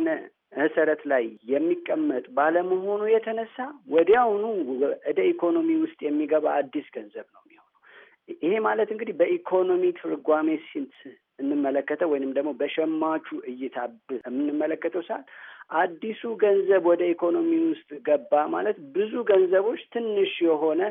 መሰረት ላይ የሚቀመጥ ባለመሆኑ የተነሳ ወዲያውኑ ወደ ኢኮኖሚ ውስጥ የሚገባ አዲስ ገንዘብ ነው የሚሆነው። ይሄ ማለት እንግዲህ በኢኮኖሚ ትርጓሜ ሲንት እንመለከተው ወይንም ደግሞ በሸማቹ እይታ የምንመለከተው ሰዓት አዲሱ ገንዘብ ወደ ኢኮኖሚ ውስጥ ገባ ማለት ብዙ ገንዘቦች ትንሽ የሆነ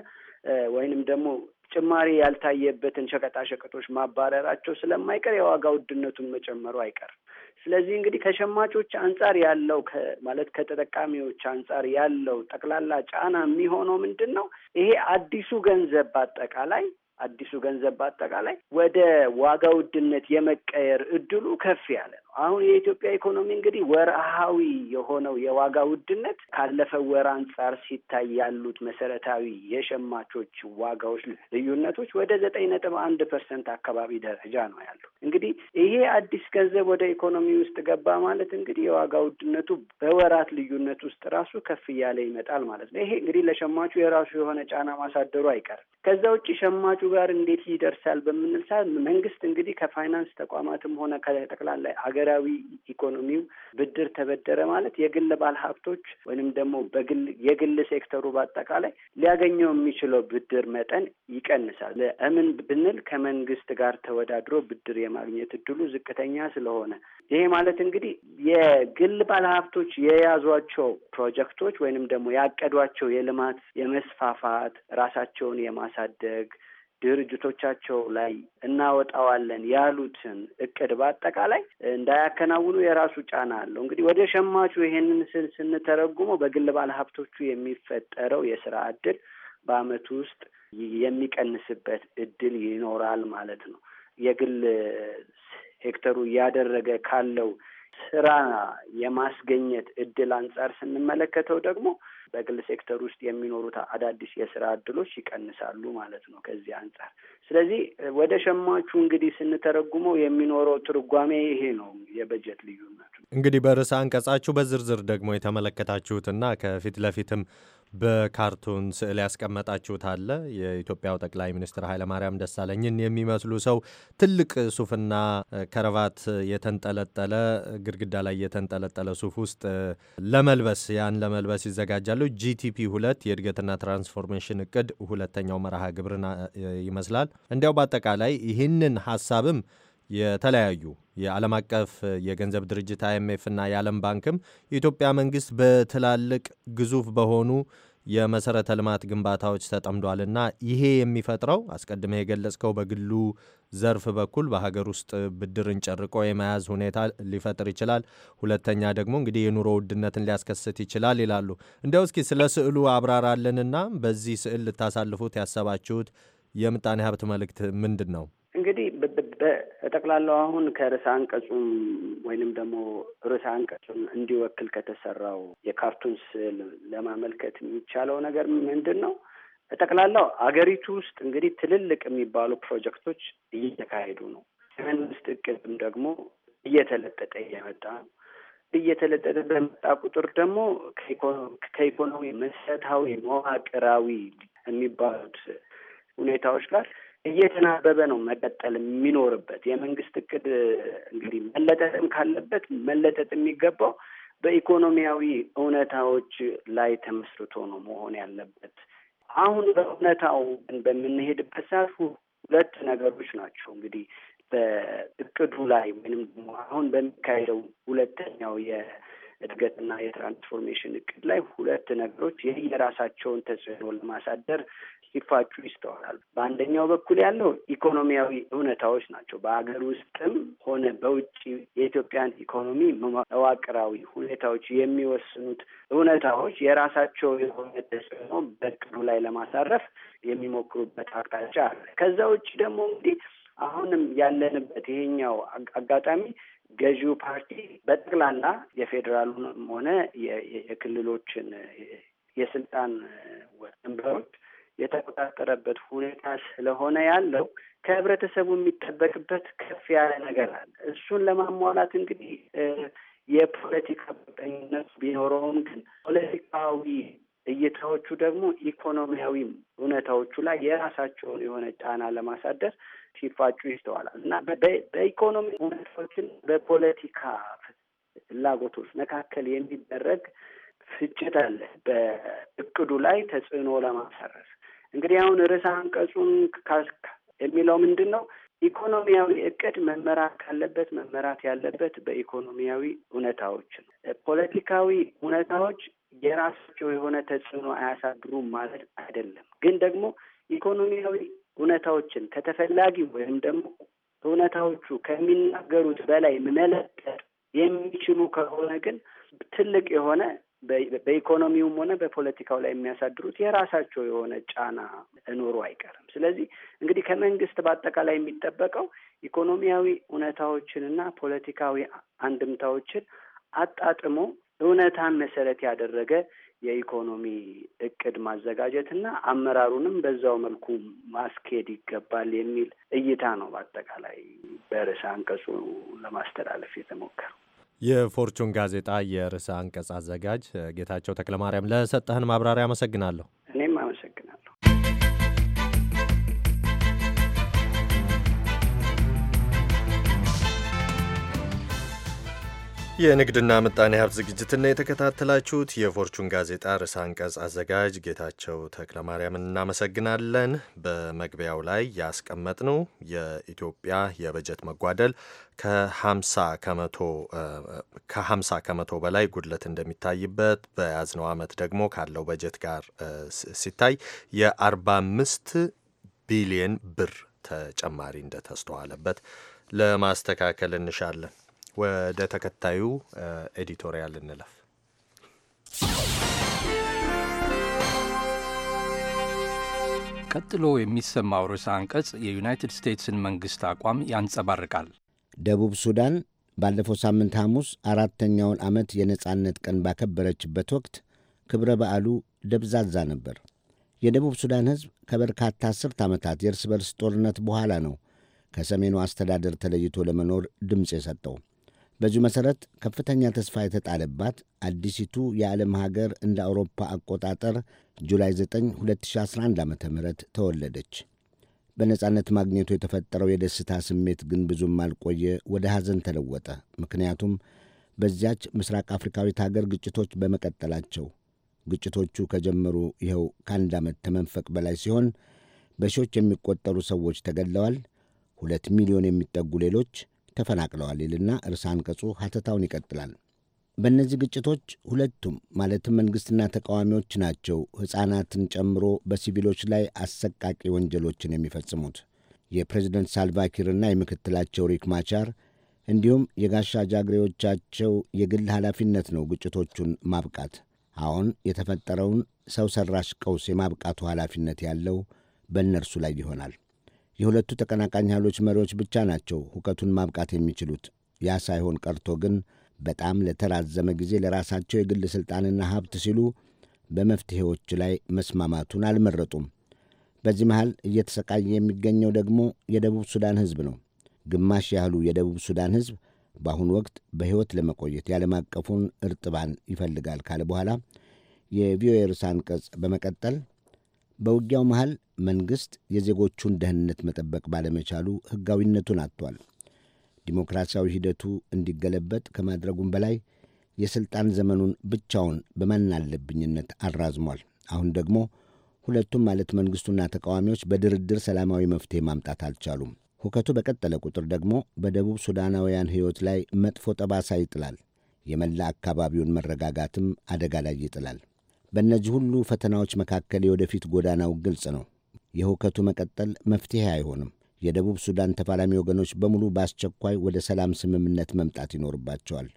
ወይንም ደግሞ ጭማሪ ያልታየበትን ሸቀጣሸቀጦች ማባረራቸው ስለማይቀር የዋጋ ውድነቱን መጨመሩ አይቀርም። ስለዚህ እንግዲህ ከሸማቾች አንጻር ያለው ማለት ከተጠቃሚዎች አንጻር ያለው ጠቅላላ ጫና የሚሆነው ምንድን ነው? ይሄ አዲሱ ገንዘብ በአጠቃላይ አዲሱ ገንዘብ በአጠቃላይ ወደ ዋጋ ውድነት የመቀየር እድሉ ከፍ ያለ አሁን የኢትዮጵያ ኢኮኖሚ እንግዲህ ወርሃዊ የሆነው የዋጋ ውድነት ካለፈው ወር አንጻር ሲታይ ያሉት መሰረታዊ የሸማቾች ዋጋዎች ልዩነቶች ወደ ዘጠኝ ነጥብ አንድ ፐርሰንት አካባቢ ደረጃ ነው ያለው። እንግዲህ ይሄ አዲስ ገንዘብ ወደ ኢኮኖሚ ውስጥ ገባ ማለት እንግዲህ የዋጋ ውድነቱ በወራት ልዩነት ውስጥ ራሱ ከፍ እያለ ይመጣል ማለት ነው። ይሄ እንግዲህ ለሸማቹ የራሱ የሆነ ጫና ማሳደሩ አይቀርም። ከዛ ውጭ ሸማቹ ጋር እንዴት ይደርሳል በምንል ሰዓት መንግስት እንግዲህ ከፋይናንስ ተቋማትም ሆነ ከጠቅላላ አገር ሀገራዊ ኢኮኖሚው ብድር ተበደረ ማለት የግል ባለሀብቶች ሀብቶች ወይንም ደግሞ በግል የግል ሴክተሩ በአጠቃላይ ሊያገኘው የሚችለው ብድር መጠን ይቀንሳል። ለምን ብንል ከመንግስት ጋር ተወዳድሮ ብድር የማግኘት እድሉ ዝቅተኛ ስለሆነ፣ ይሄ ማለት እንግዲህ የግል ባለሀብቶች ሀብቶች የያዟቸው ፕሮጀክቶች ወይንም ደግሞ ያቀዷቸው የልማት የመስፋፋት ራሳቸውን የማሳደግ ድርጅቶቻቸው ላይ እናወጣዋለን ያሉትን እቅድ በአጠቃላይ እንዳያከናውኑ የራሱ ጫና አለው። እንግዲህ ወደ ሸማቹ ይሄንን ስል ስንተረጉመው በግል ባለሀብቶቹ የሚፈጠረው የስራ እድል በአመቱ ውስጥ የሚቀንስበት እድል ይኖራል ማለት ነው። የግል ሴክተሩ እያደረገ ካለው ስራ የማስገኘት እድል አንጻር ስንመለከተው ደግሞ በግል ሴክተር ውስጥ የሚኖሩት አዳዲስ የስራ እድሎች ይቀንሳሉ ማለት ነው ከዚህ አንጻር። ስለዚህ ወደ ሸማቹ እንግዲህ ስንተረጉመው የሚኖረው ትርጓሜ ይሄ ነው የበጀት ልዩነቱ። እንግዲህ በርዕሰ አንቀጻችሁ በዝርዝር ደግሞ የተመለከታችሁትና ከፊት ለፊትም በካርቱን ስዕል ያስቀመጣችሁት አለ። የኢትዮጵያው ጠቅላይ ሚኒስትር ኃይለማርያም ደሳለኝን የሚመስሉ ሰው ትልቅ ሱፍና ከረባት የተንጠለጠለ ግድግዳ ላይ የተንጠለጠለ ሱፍ ውስጥ ለመልበስ ያን ለመልበስ ይዘጋጃሉ። ጂቲፒ ሁለት የእድገትና ትራንስፎርሜሽን እቅድ ሁለተኛው መርሃ ግብርን ይመስላል። እንዲያው በአጠቃላይ ይህንን ሀሳብም የተለያዩ የዓለም አቀፍ የገንዘብ ድርጅት አይኤምኤፍ እና የዓለም ባንክም የኢትዮጵያ መንግስት በትላልቅ ግዙፍ በሆኑ የመሰረተ ልማት ግንባታዎች ተጠምዷልና ይሄ የሚፈጥረው አስቀድመህ የገለጽከው በግሉ ዘርፍ በኩል በሀገር ውስጥ ብድርን ጨርቆ የመያዝ ሁኔታ ሊፈጥር ይችላል። ሁለተኛ ደግሞ እንግዲህ የኑሮ ውድነትን ሊያስከስት ይችላል ይላሉ። እንዲያው እስኪ ስለ ስዕሉ አብራራለንና በዚህ ስዕል ልታሳልፉት ያሰባችሁት የምጣኔ ሀብት መልእክት ምንድን ነው? እንግዲህ በጠቅላላው አሁን ከርዕሰ አንቀጹም ወይንም ደግሞ ርዕሰ አንቀጹን እንዲወክል ከተሰራው የካርቱን ስዕል ለማመልከት የሚቻለው ነገር ምንድን ነው? በጠቅላላው አገሪቱ ውስጥ እንግዲህ ትልልቅ የሚባሉ ፕሮጀክቶች እየተካሄዱ ነው። የመንግስት እቅድም ደግሞ እየተለጠጠ እየመጣ ነው። እየተለጠጠ በመጣ ቁጥር ደግሞ ከኢኮኖሚ መሰረታዊ መዋቅራዊ የሚባሉት ሁኔታዎች ጋር እየተናበበ ነው መቀጠል የሚኖርበት። የመንግስት እቅድ እንግዲህ መለጠጥም ካለበት መለጠጥ የሚገባው በኢኮኖሚያዊ እውነታዎች ላይ ተመስርቶ ነው መሆን ያለበት። አሁን በእውነታው በምንሄድበት ሰዓት ሁለት ነገሮች ናቸው እንግዲህ በእቅዱ ላይ ወይንም ደግሞ አሁን በሚካሄደው ሁለተኛው እድገትና የትራንስፎርሜሽን እቅድ ላይ ሁለት ነገሮች የራሳቸውን ተጽዕኖ ለማሳደር ሲፋጩ ይስተዋላሉ። በአንደኛው በኩል ያለው ኢኮኖሚያዊ እውነታዎች ናቸው። በሀገር ውስጥም ሆነ በውጭ የኢትዮጵያን ኢኮኖሚ መዋቅራዊ ሁኔታዎች የሚወስኑት እውነታዎች የራሳቸው የሆነ ተጽዕኖ በእቅዱ ላይ ለማሳረፍ የሚሞክሩበት አቅጣጫ አለ። ከዛ ውጭ ደግሞ እንግዲህ አሁንም ያለንበት ይሄኛው አጋጣሚ ገዢው ፓርቲ በጠቅላላ የፌዴራሉንም ሆነ የክልሎችን የስልጣን ወንበሮች የተቆጣጠረበት ሁኔታ ስለሆነ ያለው ከህብረተሰቡ የሚጠበቅበት ከፍ ያለ ነገር አለ። እሱን ለማሟላት እንግዲህ የፖለቲካ ቁርጠኝነት ቢኖረውም ግን ፖለቲካዊ እይታዎቹ ደግሞ ኢኮኖሚያዊ እውነታዎቹ ላይ የራሳቸውን የሆነ ጫና ለማሳደር ሲፋጩ ይስተዋላል እና በኢኮኖሚ እውነቶችን በፖለቲካ ፍላጎቶች መካከል የሚደረግ ፍጭት አለ። በእቅዱ ላይ ተጽዕኖ ለማሰረስ እንግዲህ አሁን ርዕሰ አንቀጹን የሚለው ምንድን ነው? ኢኮኖሚያዊ እቅድ መመራት ካለበት መመራት ያለበት በኢኮኖሚያዊ እውነታዎች ነው። ፖለቲካዊ እውነታዎች የራሳቸው የሆነ ተጽዕኖ አያሳድሩም ማለት አይደለም። ግን ደግሞ ኢኮኖሚያዊ እውነታዎችን ከተፈላጊ ወይም ደግሞ እውነታዎቹ ከሚናገሩት በላይ መለጠጥ የሚችሉ ከሆነ ግን ትልቅ የሆነ በኢኮኖሚውም ሆነ በፖለቲካው ላይ የሚያሳድሩት የራሳቸው የሆነ ጫና እኖሩ አይቀርም። ስለዚህ እንግዲህ ከመንግስት በአጠቃላይ የሚጠበቀው ኢኮኖሚያዊ እውነታዎችንና ፖለቲካዊ አንድምታዎችን አጣጥሞ እውነታን መሰረት ያደረገ የኢኮኖሚ እቅድ ማዘጋጀትና አመራሩንም በዛው መልኩ ማስኬድ ይገባል የሚል እይታ ነው በአጠቃላይ በርዕሰ አንቀጹ ለማስተላለፍ የተሞከረው። የፎርቹን ጋዜጣ የርዕሰ አንቀጽ አዘጋጅ ጌታቸው ተክለማርያም ለሰጠህን ማብራሪያ አመሰግናለሁ። የንግድና ምጣኔ ሀብት ዝግጅትና የተከታተላችሁት የፎርቹን ጋዜጣ ርዕሰ አንቀጽ አዘጋጅ ጌታቸው ተክለ ማርያምን እናመሰግናለን። በመግቢያው ላይ ያስቀመጥነው የኢትዮጵያ የበጀት መጓደል ከሀምሳ ከመቶ በላይ ጉድለት እንደሚታይበት በያዝነው ዓመት ደግሞ ካለው በጀት ጋር ሲታይ የ45 ቢሊየን ብር ተጨማሪ እንደተስተዋለበት ለማስተካከል እንሻለን። ወደ ተከታዩ ኤዲቶሪያል እንለፍ። ቀጥሎ የሚሰማው ርዕሰ አንቀጽ የዩናይትድ ስቴትስን መንግሥት አቋም ያንጸባርቃል። ደቡብ ሱዳን ባለፈው ሳምንት ሐሙስ አራተኛውን ዓመት የነጻነት ቀን ባከበረችበት ወቅት ክብረ በዓሉ ደብዛዛ ነበር። የደቡብ ሱዳን ሕዝብ ከበርካታ አስርት ዓመታት የእርስ በርስ ጦርነት በኋላ ነው ከሰሜኑ አስተዳደር ተለይቶ ለመኖር ድምፅ የሰጠው። በዚሁ መሠረት ከፍተኛ ተስፋ የተጣለባት አዲሲቱ የዓለም ሀገር እንደ አውሮፓ አቆጣጠር ጁላይ 9 2011 ዓ ም ተወለደች። በነጻነት ማግኘቱ የተፈጠረው የደስታ ስሜት ግን ብዙም አልቆየ፣ ወደ ሐዘን ተለወጠ። ምክንያቱም በዚያች ምስራቅ አፍሪካዊት ሀገር ግጭቶች በመቀጠላቸው ግጭቶቹ ከጀመሩ ይኸው ከአንድ ዓመት ተመንፈቅ በላይ ሲሆን በሺዎች የሚቆጠሩ ሰዎች ተገድለዋል። ሁለት ሚሊዮን የሚጠጉ ሌሎች ተፈናቅለዋል ይልና እርሳ አንቀጹ ሐተታውን ይቀጥላል። በእነዚህ ግጭቶች ሁለቱም ማለትም መንግሥትና ተቃዋሚዎች ናቸው ሕፃናትን ጨምሮ በሲቪሎች ላይ አሰቃቂ ወንጀሎችን የሚፈጽሙት። የፕሬዝደንት ሳልቫኪርና የምክትላቸው ሪክ ማቻር እንዲሁም የጋሻ ጃግሬዎቻቸው የግል ኃላፊነት ነው ግጭቶቹን ማብቃት። አሁን የተፈጠረውን ሰው ሰራሽ ቀውስ የማብቃቱ ኃላፊነት ያለው በእነርሱ ላይ ይሆናል። የሁለቱ ተቀናቃኝ ኃይሎች መሪዎች ብቻ ናቸው ሁከቱን ማብቃት የሚችሉት። ያ ሳይሆን ቀርቶ ግን በጣም ለተራዘመ ጊዜ ለራሳቸው የግል ሥልጣንና ሀብት ሲሉ በመፍትሔዎች ላይ መስማማቱን አልመረጡም። በዚህ መሃል እየተሰቃየ የሚገኘው ደግሞ የደቡብ ሱዳን ሕዝብ ነው። ግማሽ ያህሉ የደቡብ ሱዳን ሕዝብ በአሁኑ ወቅት በሕይወት ለመቆየት የዓለም አቀፉን እርጥባን ይፈልጋል ካለ በኋላ የቪኦኤ ርዕሰ አንቀጽ በመቀጠል በውጊያው መሃል መንግሥት የዜጎቹን ደህንነት መጠበቅ ባለመቻሉ ሕጋዊነቱን አጥቷል። ዲሞክራሲያዊ ሂደቱ እንዲገለበጥ ከማድረጉም በላይ የሥልጣን ዘመኑን ብቻውን በማናለብኝነት አራዝሟል። አሁን ደግሞ ሁለቱም ማለት መንግሥቱና ተቃዋሚዎች በድርድር ሰላማዊ መፍትሔ ማምጣት አልቻሉም። ሁከቱ በቀጠለ ቁጥር ደግሞ በደቡብ ሱዳናውያን ሕይወት ላይ መጥፎ ጠባሳ ይጥላል። የመላ አካባቢውን መረጋጋትም አደጋ ላይ ይጥላል። በእነዚህ ሁሉ ፈተናዎች መካከል የወደፊት ጎዳናው ግልጽ ነው። የሁከቱ መቀጠል መፍትሄ አይሆንም። የደቡብ ሱዳን ተፋላሚ ወገኖች በሙሉ በአስቸኳይ ወደ ሰላም ስምምነት መምጣት ይኖርባቸዋል።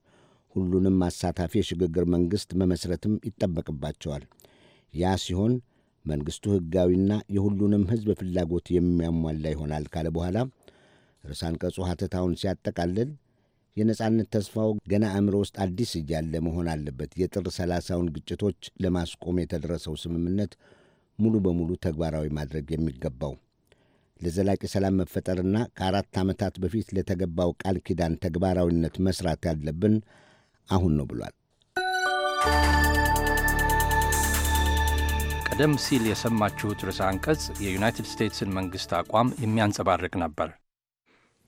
ሁሉንም አሳታፊ የሽግግር መንግሥት መመስረትም ይጠበቅባቸዋል። ያ ሲሆን መንግሥቱ ሕጋዊና የሁሉንም ሕዝብ ፍላጎት የሚያሟላ ይሆናል ካለ በኋላ ርዕሰ አንቀጹ ሐተታውን ሲያጠቃልል የነጻነት ተስፋው ገና አእምሮ ውስጥ አዲስ እያለ መሆን አለበት። የጥር ሰላሳውን ግጭቶች ለማስቆም የተደረሰው ስምምነት ሙሉ በሙሉ ተግባራዊ ማድረግ የሚገባው። ለዘላቂ ሰላም መፈጠርና ከአራት ዓመታት በፊት ለተገባው ቃል ኪዳን ተግባራዊነት መስራት ያለብን አሁን ነው ብሏል። ቀደም ሲል የሰማችሁት ርዕሰ አንቀጽ የዩናይትድ ስቴትስን መንግሥት አቋም የሚያንጸባርቅ ነበር።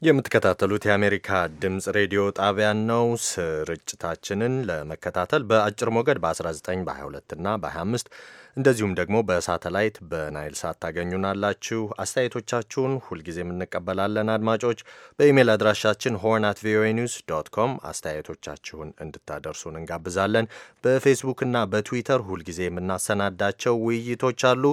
የምትከታተሉት የአሜሪካ ድምፅ ሬዲዮ ጣቢያን ነው። ስርጭታችንን ለመከታተል በአጭር ሞገድ በ19 በ22 እና በ25 እንደዚሁም ደግሞ በሳተላይት በናይል ሳት ታገኙናላችሁ። አስተያየቶቻችሁን ሁልጊዜም እንቀበላለን አድማጮች። በኢሜይል አድራሻችን ሆርን አት ቪኦኤ ኒውስ ዶት ኮም አስተያየቶቻችሁን እንድታደርሱን እንጋብዛለን። በፌስቡክና በትዊተር ሁልጊዜ የምናሰናዳቸው ውይይቶች አሉ።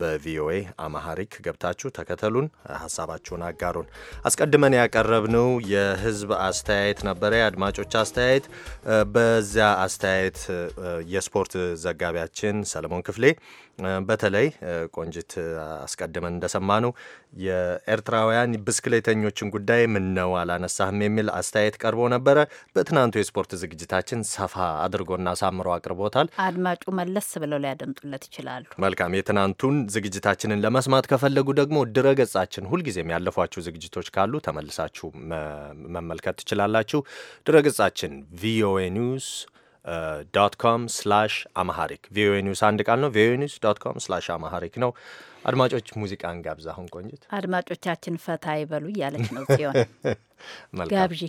በቪኦኤ አማሐሪክ ገብታችሁ ተከተሉን፣ ሀሳባችሁን አጋሩን። አስቀድመን ያቀረብነው የህዝብ አስተያየት ነበረ፣ የአድማጮች አስተያየት። በዚያ አስተያየት የስፖርት ዘጋቢያችን ሰለሞን ክፍሌ በተለይ ቆንጅት አስቀድመን እንደሰማነው የኤርትራውያን ብስክሌተኞችን ጉዳይ ምን ነው አላነሳህም የሚል አስተያየት ቀርቦ ነበረ። በትናንቱ የስፖርት ዝግጅታችን ሰፋ አድርጎና ሳምሮ አቅርቦታል። አድማጩ መለስ ብለው ሊያደምጡለት ይችላሉ። መልካም የትናንቱን ዝግጅታችንን ለመስማት ከፈለጉ ደግሞ ድረገጻችን፣ ሁልጊዜም ያለፏችሁ ዝግጅቶች ካሉ ተመልሳችሁ መመልከት ትችላላችሁ። ድረገጻችን ቪኦኤ ኒውስ ዶት ኮም ስላሽ አማሃሪክ ቪኦኤ ኒውስ አንድ ቃል ነው። ቪኦኤ ኒውስ ዶት ኮም ስላሽ አማሃሪክ ነው። አድማጮች ሙዚቃን ጋብዛ። አሁን ቆንጅት አድማጮቻችን ፈታ ይበሉ እያለች ነው ጽዮን ጋብዢ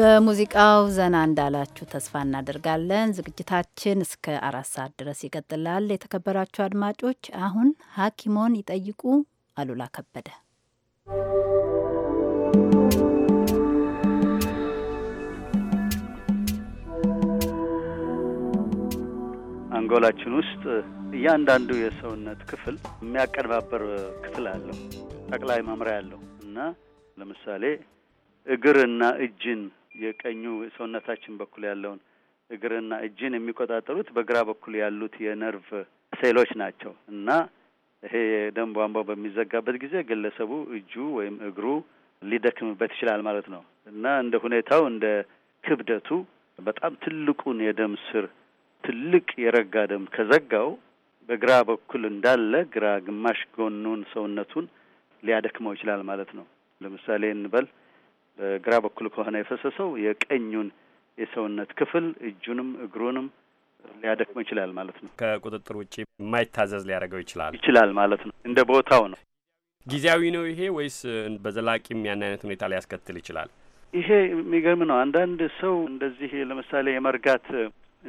በሙዚቃው ዘና እንዳላችሁ ተስፋ እናደርጋለን። ዝግጅታችን እስከ አራት ሰዓት ድረስ ይቀጥላል። የተከበራችሁ አድማጮች፣ አሁን ሐኪሞን ይጠይቁ አሉላ ከበደ አንጎላችን ውስጥ እያንዳንዱ የሰውነት ክፍል የሚያቀነባበር ክፍል አለው፣ ጠቅላይ መምሪያ አለው እና ለምሳሌ እግርና እጅን የቀኙ ሰውነታችን በኩል ያለውን እግርና እጅን የሚቆጣጠሩት በግራ በኩል ያሉት የነርቭ ሴሎች ናቸው እና ይሄ የደም ቧንቧው በሚዘጋበት ጊዜ ግለሰቡ እጁ ወይም እግሩ ሊደክምበት ይችላል ማለት ነው እና እንደ ሁኔታው እንደ ክብደቱ በጣም ትልቁን የደም ስር ትልቅ የረጋ ደም ከዘጋው በግራ በኩል እንዳለ ግራ ግማሽ ጎኑን ሰውነቱን ሊያደክመው ይችላል ማለት ነው። ለምሳሌ እንበል በግራ በኩል ከሆነ የፈሰሰው የቀኙን የሰውነት ክፍል እጁንም እግሩንም ሊያደክመው ይችላል ማለት ነው። ከቁጥጥር ውጭ የማይታዘዝ ሊያደርገው ይችላል ይችላል ማለት ነው። እንደ ቦታው ነው። ጊዜያዊ ነው ይሄ ወይስ በዘላቂም ያን አይነት ሁኔታ ሊያስከትል ይችላል? ይሄ የሚገርም ነው። አንዳንድ ሰው እንደዚህ ለምሳሌ የመርጋት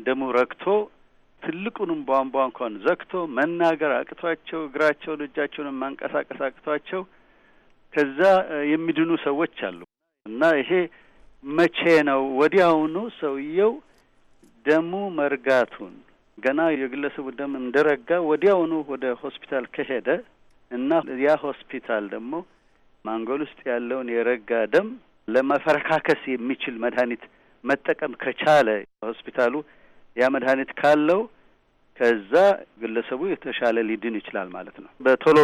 ደሙ ረግቶ ትልቁንም ቧንቧ እንኳን ዘግቶ መናገር አቅቷቸው እግራቸውን እጃቸውንም ማንቀሳቀስ አቅቷቸው ከዛ የሚድኑ ሰዎች አሉ። እና ይሄ መቼ ነው? ወዲያውኑ ሰውየው ደሙ መርጋቱን ገና የግለሰቡ ደም እንደረጋ ወዲያውኑ ወደ ሆስፒታል ከሄደ እና ያ ሆስፒታል ደግሞ ማንጎል ውስጥ ያለውን የረጋ ደም ለመፈረካከስ የሚችል መድኃኒት መጠቀም ከቻለ ሆስፒታሉ ያ መድኃኒት ካለው ከዛ ግለሰቡ የተሻለ ሊድን ይችላል ማለት ነው። በቶሎ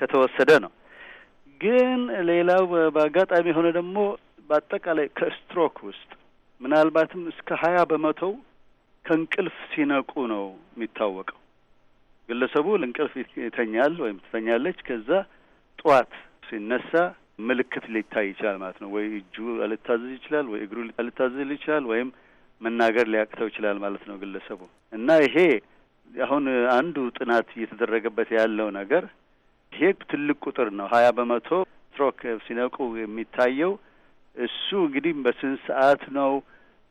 ከተወሰደ ነው። ግን ሌላው በአጋጣሚ የሆነ ደግሞ በአጠቃላይ ከስትሮክ ውስጥ ምናልባትም እስከ ሀያ በመቶው ከእንቅልፍ ሲነቁ ነው የሚታወቀው። ግለሰቡ ለእንቅልፍ ይተኛል ወይም ትተኛለች። ከዛ ጠዋት ሲነሳ ምልክት ሊታይ ይችላል ማለት ነው። ወይ እጁ ሊታዘዝ ይችላል፣ ወይ እግሩ ልታዘዝ ይችላል፣ ወይም መናገር ሊያቅተው ይችላል ማለት ነው ግለሰቡ እና ይሄ አሁን አንዱ ጥናት እየተደረገበት ያለው ነገር ይሄ ትልቅ ቁጥር ነው። ሀያ በመቶ ስትሮክ ሲነቁ የሚታየው እሱ እንግዲህ በስንት ሰዓት ነው?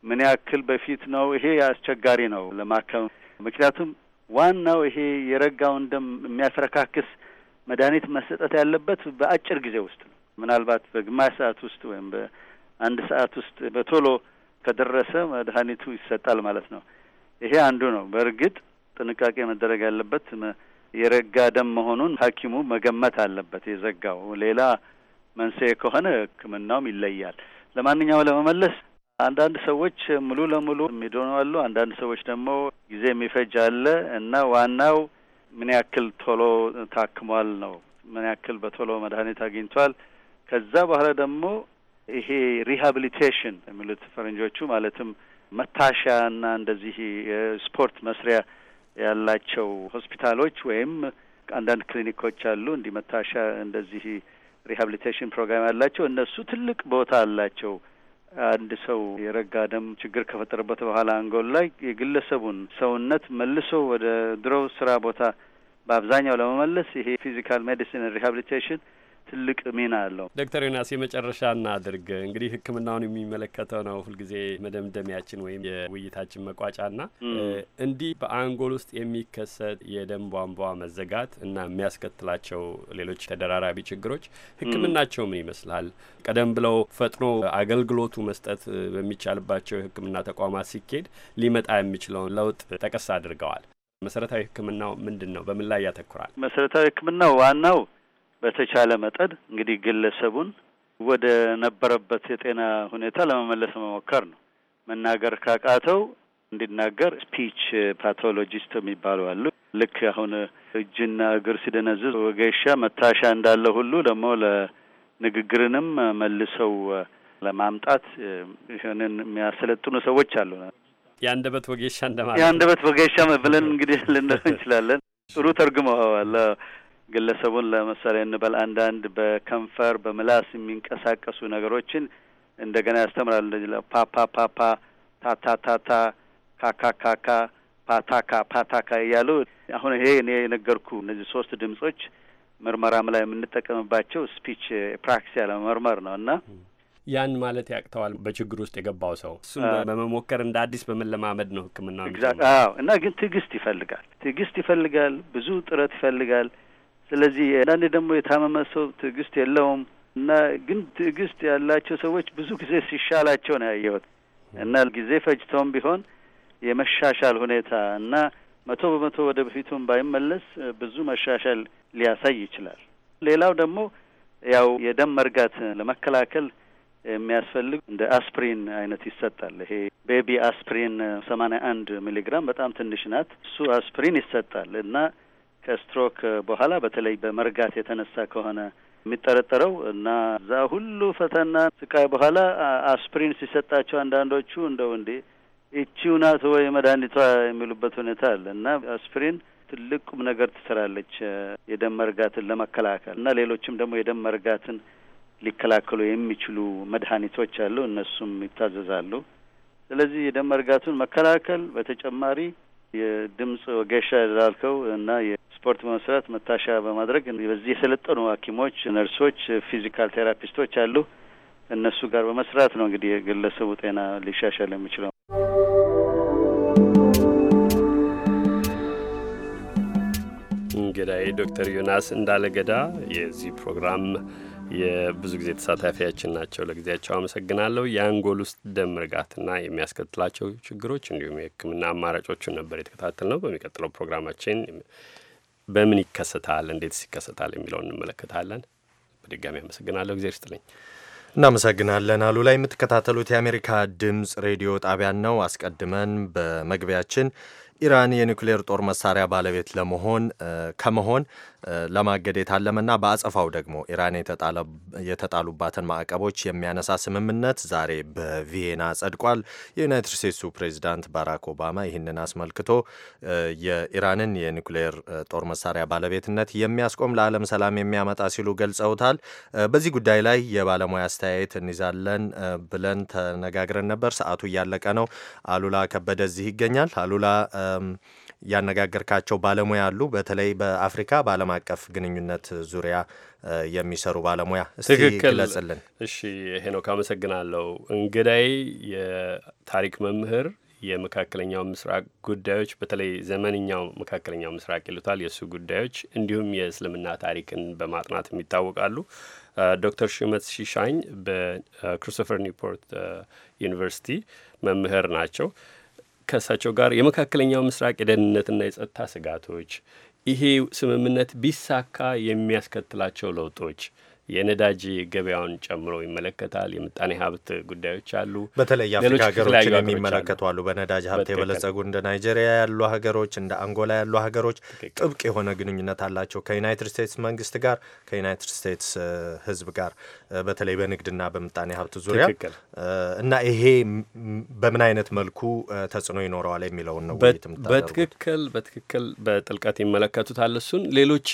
ምን ያክል በፊት ነው? ይሄ አስቸጋሪ ነው ለማከም። ምክንያቱም ዋናው ይሄ የረጋውን ደም የሚያስረካክስ መድኃኒት መሰጠት ያለበት በአጭር ጊዜ ውስጥ ነው። ምናልባት በግማሽ ሰዓት ውስጥ ወይም በአንድ ሰዓት ውስጥ በቶሎ ከደረሰ መድኃኒቱ ይሰጣል ማለት ነው። ይሄ አንዱ ነው። በእርግጥ ጥንቃቄ መደረግ ያለበት የረጋ ደም መሆኑን ሐኪሙ መገመት አለበት። የዘጋው ሌላ መንስኤ ከሆነ ሕክምናውም ይለያል። ለማንኛውም ለመመለስ አንዳንድ ሰዎች ሙሉ ለሙሉ የሚድኑ አሉ። አንዳንድ ሰዎች ደግሞ ጊዜ የሚፈጅ አለ እና ዋናው ምን ያክል ቶሎ ታክሟል ነው። ምን ያክል በቶሎ መድኃኒት አግኝቷል። ከዛ በኋላ ደግሞ ይሄ ሪሃብሊቴሽን የሚሉት ፈረንጆቹ ማለትም መታሻና እንደዚህ ስፖርት መስሪያ ያላቸው ሆስፒታሎች ወይም አንዳንድ ክሊኒኮች አሉ እንዲህ መታሻ እንደዚህ ሪሀብሊቴሽን ፕሮግራም ያላቸው እነሱ ትልቅ ቦታ አላቸው። አንድ ሰው የረጋ ደም ችግር ከፈጠረበት በኋላ አንጎል ላይ የግለሰቡን ሰውነት መልሶ ወደ ድሮው ስራ ቦታ በአብዛኛው ለመመለስ ይሄ ፊዚካል ሜዲሲን ሪሀብሊቴሽን ትልቅ ሚና አለው። ዶክተር ዮናስ የመጨረሻ እናድርግ። አድርግ እንግዲህ ሕክምናውን የሚመለከተው ነው ሁልጊዜ መደምደሚያችን ወይም የውይይታችን መቋጫ ና እንዲህ በአንጎል ውስጥ የሚከሰት የደም ቧንቧ መዘጋት እና የሚያስከትላቸው ሌሎች ተደራራቢ ችግሮች ሕክምናቸው ምን ይመስላል? ቀደም ብለው ፈጥኖ አገልግሎቱ መስጠት በሚቻልባቸው የሕክምና ተቋማት ሲኬድ ሊመጣ የሚችለውን ለውጥ ጠቀስ አድርገዋል። መሰረታዊ ህክምናው ምንድን ነው? በምን ላይ ያተኩራል? መሰረታዊ ህክምናው ዋናው በተቻለ መጠን እንግዲህ ግለሰቡን ወደ ነበረበት የጤና ሁኔታ ለመመለስ መሞከር ነው። መናገር ካቃተው እንዲናገር ስፒች ፓቶሎጂስት የሚባሉ አሉ። ልክ አሁን እጅና እግር ሲደነዝዝ ወገሻ፣ መታሻ እንዳለ ሁሉ ደግሞ ለንግግርንም መልሰው ለማምጣት ይህንን የሚያሰለጥኑ ሰዎች አሉ። የአንደበት ወጌሻ እንደማለት የአንደበት ወጌሻ ብለን እንግዲህ ልንለው እንችላለን። ጥሩ ተርጉመዋል። ግለሰቡን ለምሳሌ እንበል አንዳንድ በከንፈር በምላስ የሚንቀሳቀሱ ነገሮችን እንደገና ያስተምራል። እንደዚህ ፓፓ ፓፓ ታታታታ ካካካካ ፓታካ ፓታካ እያሉ አሁን ይሄ እኔ የነገርኩ እነዚህ ሶስት ድምጾች ምርመራም ላይ የምንጠቀምባቸው ስፒች ያለ መርመር ነው እና ያን ማለት ያቅተዋል በችግር ውስጥ የገባው ሰው እሱም በመሞከር እንደ አዲስ በመለማመድ ነው ሕክምና እና ግን ትዕግስት ይፈልጋል። ትዕግስት ይፈልጋል። ብዙ ጥረት ይፈልጋል። ስለዚህ አንዳንዴ ደግሞ የታመመ ሰው ትዕግስት የለውም እና ግን ትዕግስት ያላቸው ሰዎች ብዙ ጊዜ ሲሻላቸው ነው ያየሁት እና ጊዜ ፈጅተውም ቢሆን የመሻሻል ሁኔታ እና መቶ በመቶ ወደ በፊቱም ባይመለስ ብዙ መሻሻል ሊያሳይ ይችላል። ሌላው ደግሞ ያው የደም መርጋት ለመከላከል የሚያስፈልግ እንደ አስፕሪን አይነት ይሰጣል። ይሄ ቤቢ አስፕሪን ሰማንያ አንድ ሚሊግራም በጣም ትንሽ ናት። እሱ አስፕሪን ይሰጣል እና ከስትሮክ በኋላ በተለይ በመርጋት የተነሳ ከሆነ የሚጠረጠረው እና እዛ ሁሉ ፈተና ስቃይ በኋላ አስፕሪን ሲሰጣቸው አንዳንዶቹ እንደው እንዴ ይቺው ናት ወይ መድኃኒቷ የሚሉበት ሁኔታ አለ እና አስፕሪን ትልቅ ቁም ነገር ትሰራለች የደም መርጋትን ለመከላከል እና ሌሎችም ደግሞ የደም መርጋትን ሊከላከሉ የሚችሉ መድኃኒቶች አሉ። እነሱም ይታዘዛሉ። ስለዚህ የደም መርጋቱን መከላከል በተጨማሪ የድምፅ ወገሻ ላልከው እና ስፖርት በመስራት መታሻ በማድረግ በዚህ የሰለጠኑ ሐኪሞች፣ ነርሶች፣ ፊዚካል ቴራፒስቶች አሉ። እነሱ ጋር በመስራት ነው እንግዲህ የግለሰቡ ጤና ሊሻሻል የሚችለው። እንግዳይ ዶክተር ዮናስ እንዳለገዳ የዚህ ፕሮግራም የብዙ ጊዜ ተሳታፊያችን ናቸው። ለጊዜያቸው አመሰግናለሁ። የአንጎል ውስጥ ደም መርጋትና የሚያስከትላቸው ችግሮች እንዲሁም የሕክምና አማራጮቹን ነበር የተከታተል ነው። በሚቀጥለው ፕሮግራማችን በምን ይከሰታል፣ እንዴትስ ይከሰታል የሚለውን እንመለከታለን። በድጋሚ አመሰግናለሁ። እግዜር ይስጥልኝ። እናመሰግናለን አሉ ላይ የምትከታተሉት የአሜሪካ ድምፅ ሬዲዮ ጣቢያን ነው። አስቀድመን በመግቢያችን ኢራን የኒውክሌር ጦር መሳሪያ ባለቤት ለመሆን ከመሆን ለማገድ የታለመና በአጸፋው ደግሞ ኢራን የተጣሉባትን ማዕቀቦች የሚያነሳ ስምምነት ዛሬ በቪየና ጸድቋል። የዩናይትድ ስቴትሱ ፕሬዚዳንት ባራክ ኦባማ ይህንን አስመልክቶ የኢራንን የኒውክሌር ጦር መሳሪያ ባለቤትነት የሚያስቆም ለዓለም ሰላም የሚያመጣ ሲሉ ገልጸውታል። በዚህ ጉዳይ ላይ የባለሙያ አስተያየት እንይዛለን ብለን ተነጋግረን ነበር። ሰዓቱ እያለቀ ነው። አሉላ ከበደ እዚህ ይገኛል። አሉላ ያነጋገርካቸው ባለሙያ አሉ፣ በተለይ በአፍሪካ በዓለም አቀፍ ግንኙነት ዙሪያ የሚሰሩ ባለሙያ እስቲ እሺ ሄኖክ አመሰግናለሁ። እንግዳይ የታሪክ መምህር የመካከለኛው ምስራቅ ጉዳዮች በተለይ ዘመንኛው መካከለኛው ምስራቅ ይሉታል የእሱ ጉዳዮች እንዲሁም የእስልምና ታሪክን በማጥናት የሚታወቃሉ። ዶክተር ሽመት ሺሻኝ በክሪስቶፈር ኒውፖርት ዩኒቨርሲቲ መምህር ናቸው። ከእሳቸው ጋር የመካከለኛው ምስራቅ የደህንነትና የጸጥታ ስጋቶች፣ ይሄ ስምምነት ቢሳካ የሚያስከትላቸው ለውጦች የነዳጅ ገበያውን ጨምሮ ይመለከታል። የምጣኔ ሀብት ጉዳዮች አሉ። በተለይ የአፍሪካ ሀገሮችን የሚመለከቱ አሉ። በነዳጅ ሀብት የበለጸጉ እንደ ናይጄሪያ ያሉ ሀገሮች፣ እንደ አንጎላ ያሉ ሀገሮች ጥብቅ የሆነ ግንኙነት አላቸው ከዩናይትድ ስቴትስ መንግስት ጋር ከዩናይትድ ስቴትስ ህዝብ ጋር በተለይ በንግድና በምጣኔ ሀብት ዙሪያ እና ይሄ በምን አይነት መልኩ ተጽዕኖ ይኖረዋል የሚለውን ነው። በትክክል በትክክል በጥልቀት ይመለከቱታል። እሱን ሌሎች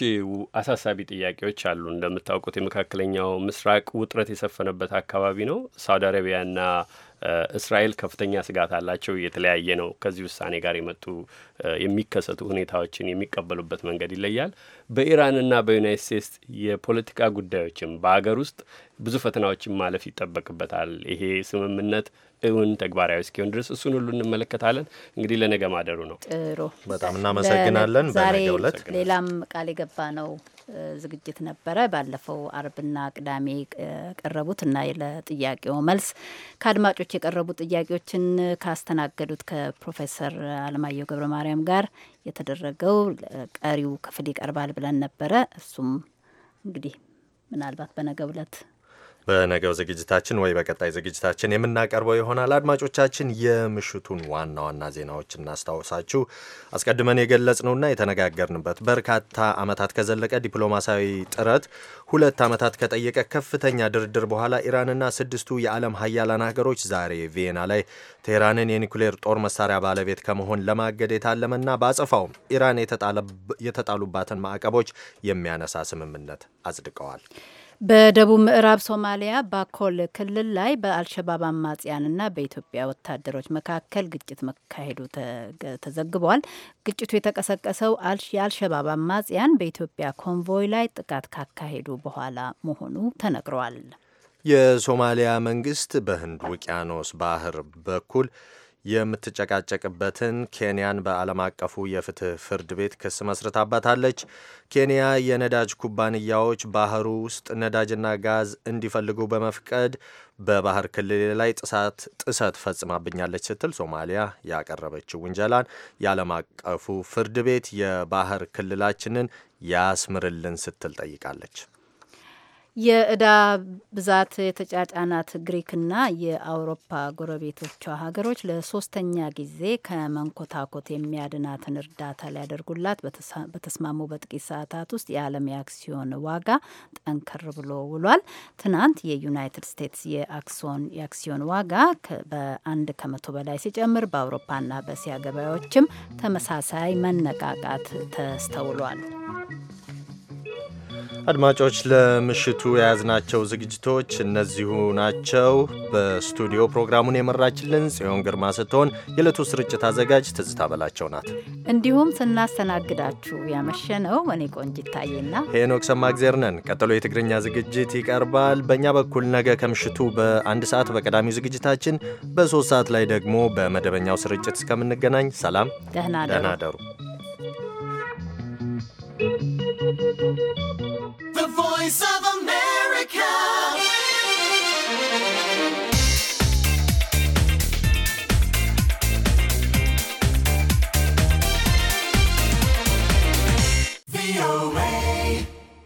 አሳሳቢ ጥያቄዎች አሉ እንደምታውቁት መካከለኛው ምስራቅ ውጥረት የሰፈነበት አካባቢ ነው። ሳውዲ አረቢያና እስራኤል ከፍተኛ ስጋት አላቸው። የተለያየ ነው። ከዚህ ውሳኔ ጋር የመጡ የሚከሰቱ ሁኔታዎችን የሚቀበሉበት መንገድ ይለያል። በኢራንና በዩናይት ስቴትስ የፖለቲካ ጉዳዮችም በሀገር ውስጥ ብዙ ፈተናዎችን ማለፍ ይጠበቅበታል። ይሄ ስምምነት እውን ተግባራዊ እስኪሆን ድረስ እሱን ሁሉ እንመለከታለን። እንግዲህ ለነገ ማደሩ ነው። ጥሩ፣ በጣም እናመሰግናለን። ዛሬ ሌላም ቃል የገባ ነው ዝግጅት ነበረ። ባለፈው አርብና ቅዳሜ የቀረቡት እና ለጥያቄው መልስ ከአድማጮች የቀረቡ ጥያቄዎችን ካስተናገዱት ከፕሮፌሰር አለማየሁ ገብረ ማርያም ጋር የተደረገው ቀሪው ክፍል ይቀርባል ብለን ነበረ። እሱም እንግዲህ ምናልባት በነገ ዕለት በነገው ዝግጅታችን ወይ በቀጣይ ዝግጅታችን የምናቀርበው ይሆናል። አድማጮቻችን፣ የምሽቱን ዋና ዋና ዜናዎች እናስታውሳችሁ። አስቀድመን የገለጽነውና የተነጋገርንበት በርካታ ዓመታት ከዘለቀ ዲፕሎማሲያዊ ጥረት ሁለት ዓመታት ከጠየቀ ከፍተኛ ድርድር በኋላ ኢራንና ስድስቱ የዓለም ሀያላን ሀገሮች ዛሬ ቪየና ላይ ቴህራንን የኒኩሌር ጦር መሳሪያ ባለቤት ከመሆን ለማገድ የታለመና በአጸፋውም ኢራን የተጣሉባትን ማዕቀቦች የሚያነሳ ስምምነት አጽድቀዋል። በደቡብ ምዕራብ ሶማሊያ ባኮል ክልል ላይ በአልሸባብ አማጽያንና በኢትዮጵያ ወታደሮች መካከል ግጭት መካሄዱ ተዘግቧል። ግጭቱ የተቀሰቀሰው የአልሸባብ አማጽያን በኢትዮጵያ ኮንቮይ ላይ ጥቃት ካካሄዱ በኋላ መሆኑ ተነግሯል። የሶማሊያ መንግስት በህንድ ውቅያኖስ ባህር በኩል የምትጨቃጨቅበትን ኬንያን በዓለም አቀፉ የፍትህ ፍርድ ቤት ክስ መስርታባታለች። ኬንያ የነዳጅ ኩባንያዎች ባህሩ ውስጥ ነዳጅና ጋዝ እንዲፈልጉ በመፍቀድ በባህር ክልል ላይ ጥሳት ጥሰት ፈጽማብኛለች ስትል ሶማሊያ ያቀረበችው ውንጀላን የዓለም አቀፉ ፍርድ ቤት የባህር ክልላችንን ያስምርልን ስትል ጠይቃለች። የእዳ ብዛት የተጫጫናት ግሪክና የአውሮፓ ጎረቤቶቿ ሀገሮች ለሶስተኛ ጊዜ ከመንኮታኮት የሚያድናትን እርዳታ ሊያደርጉላት በተስማሙ በጥቂት ሰዓታት ውስጥ የዓለም የአክሲዮን ዋጋ ጠንከር ብሎ ውሏል። ትናንት የዩናይትድ ስቴትስ የአክሲዮን ዋጋ በአንድ ከመቶ በላይ ሲጨምር በአውሮፓና በእስያ ገበያዎችም ተመሳሳይ መነቃቃት ተስተውሏል። አድማጮች ለምሽቱ የያዝናቸው ዝግጅቶች እነዚሁ ናቸው። በስቱዲዮ ፕሮግራሙን የመራችልን ጽዮን ግርማ ስትሆን የዕለቱ ስርጭት አዘጋጅ ትዝታ በላቸው ናት። እንዲሁም ስናስተናግዳችሁ ያመሸነው እኔ ቆንጅ ይታየና ሄኖክ ሰማእግዜር ነን። ቀጥሎ የትግርኛ ዝግጅት ይቀርባል። በእኛ በኩል ነገ ከምሽቱ በአንድ ሰዓት በቀዳሚው ዝግጅታችን፣ በሶስት ሰዓት ላይ ደግሞ በመደበኛው ስርጭት እስከምንገናኝ ሰላም፣ ደህና ደሩ። Voice of America. VOA.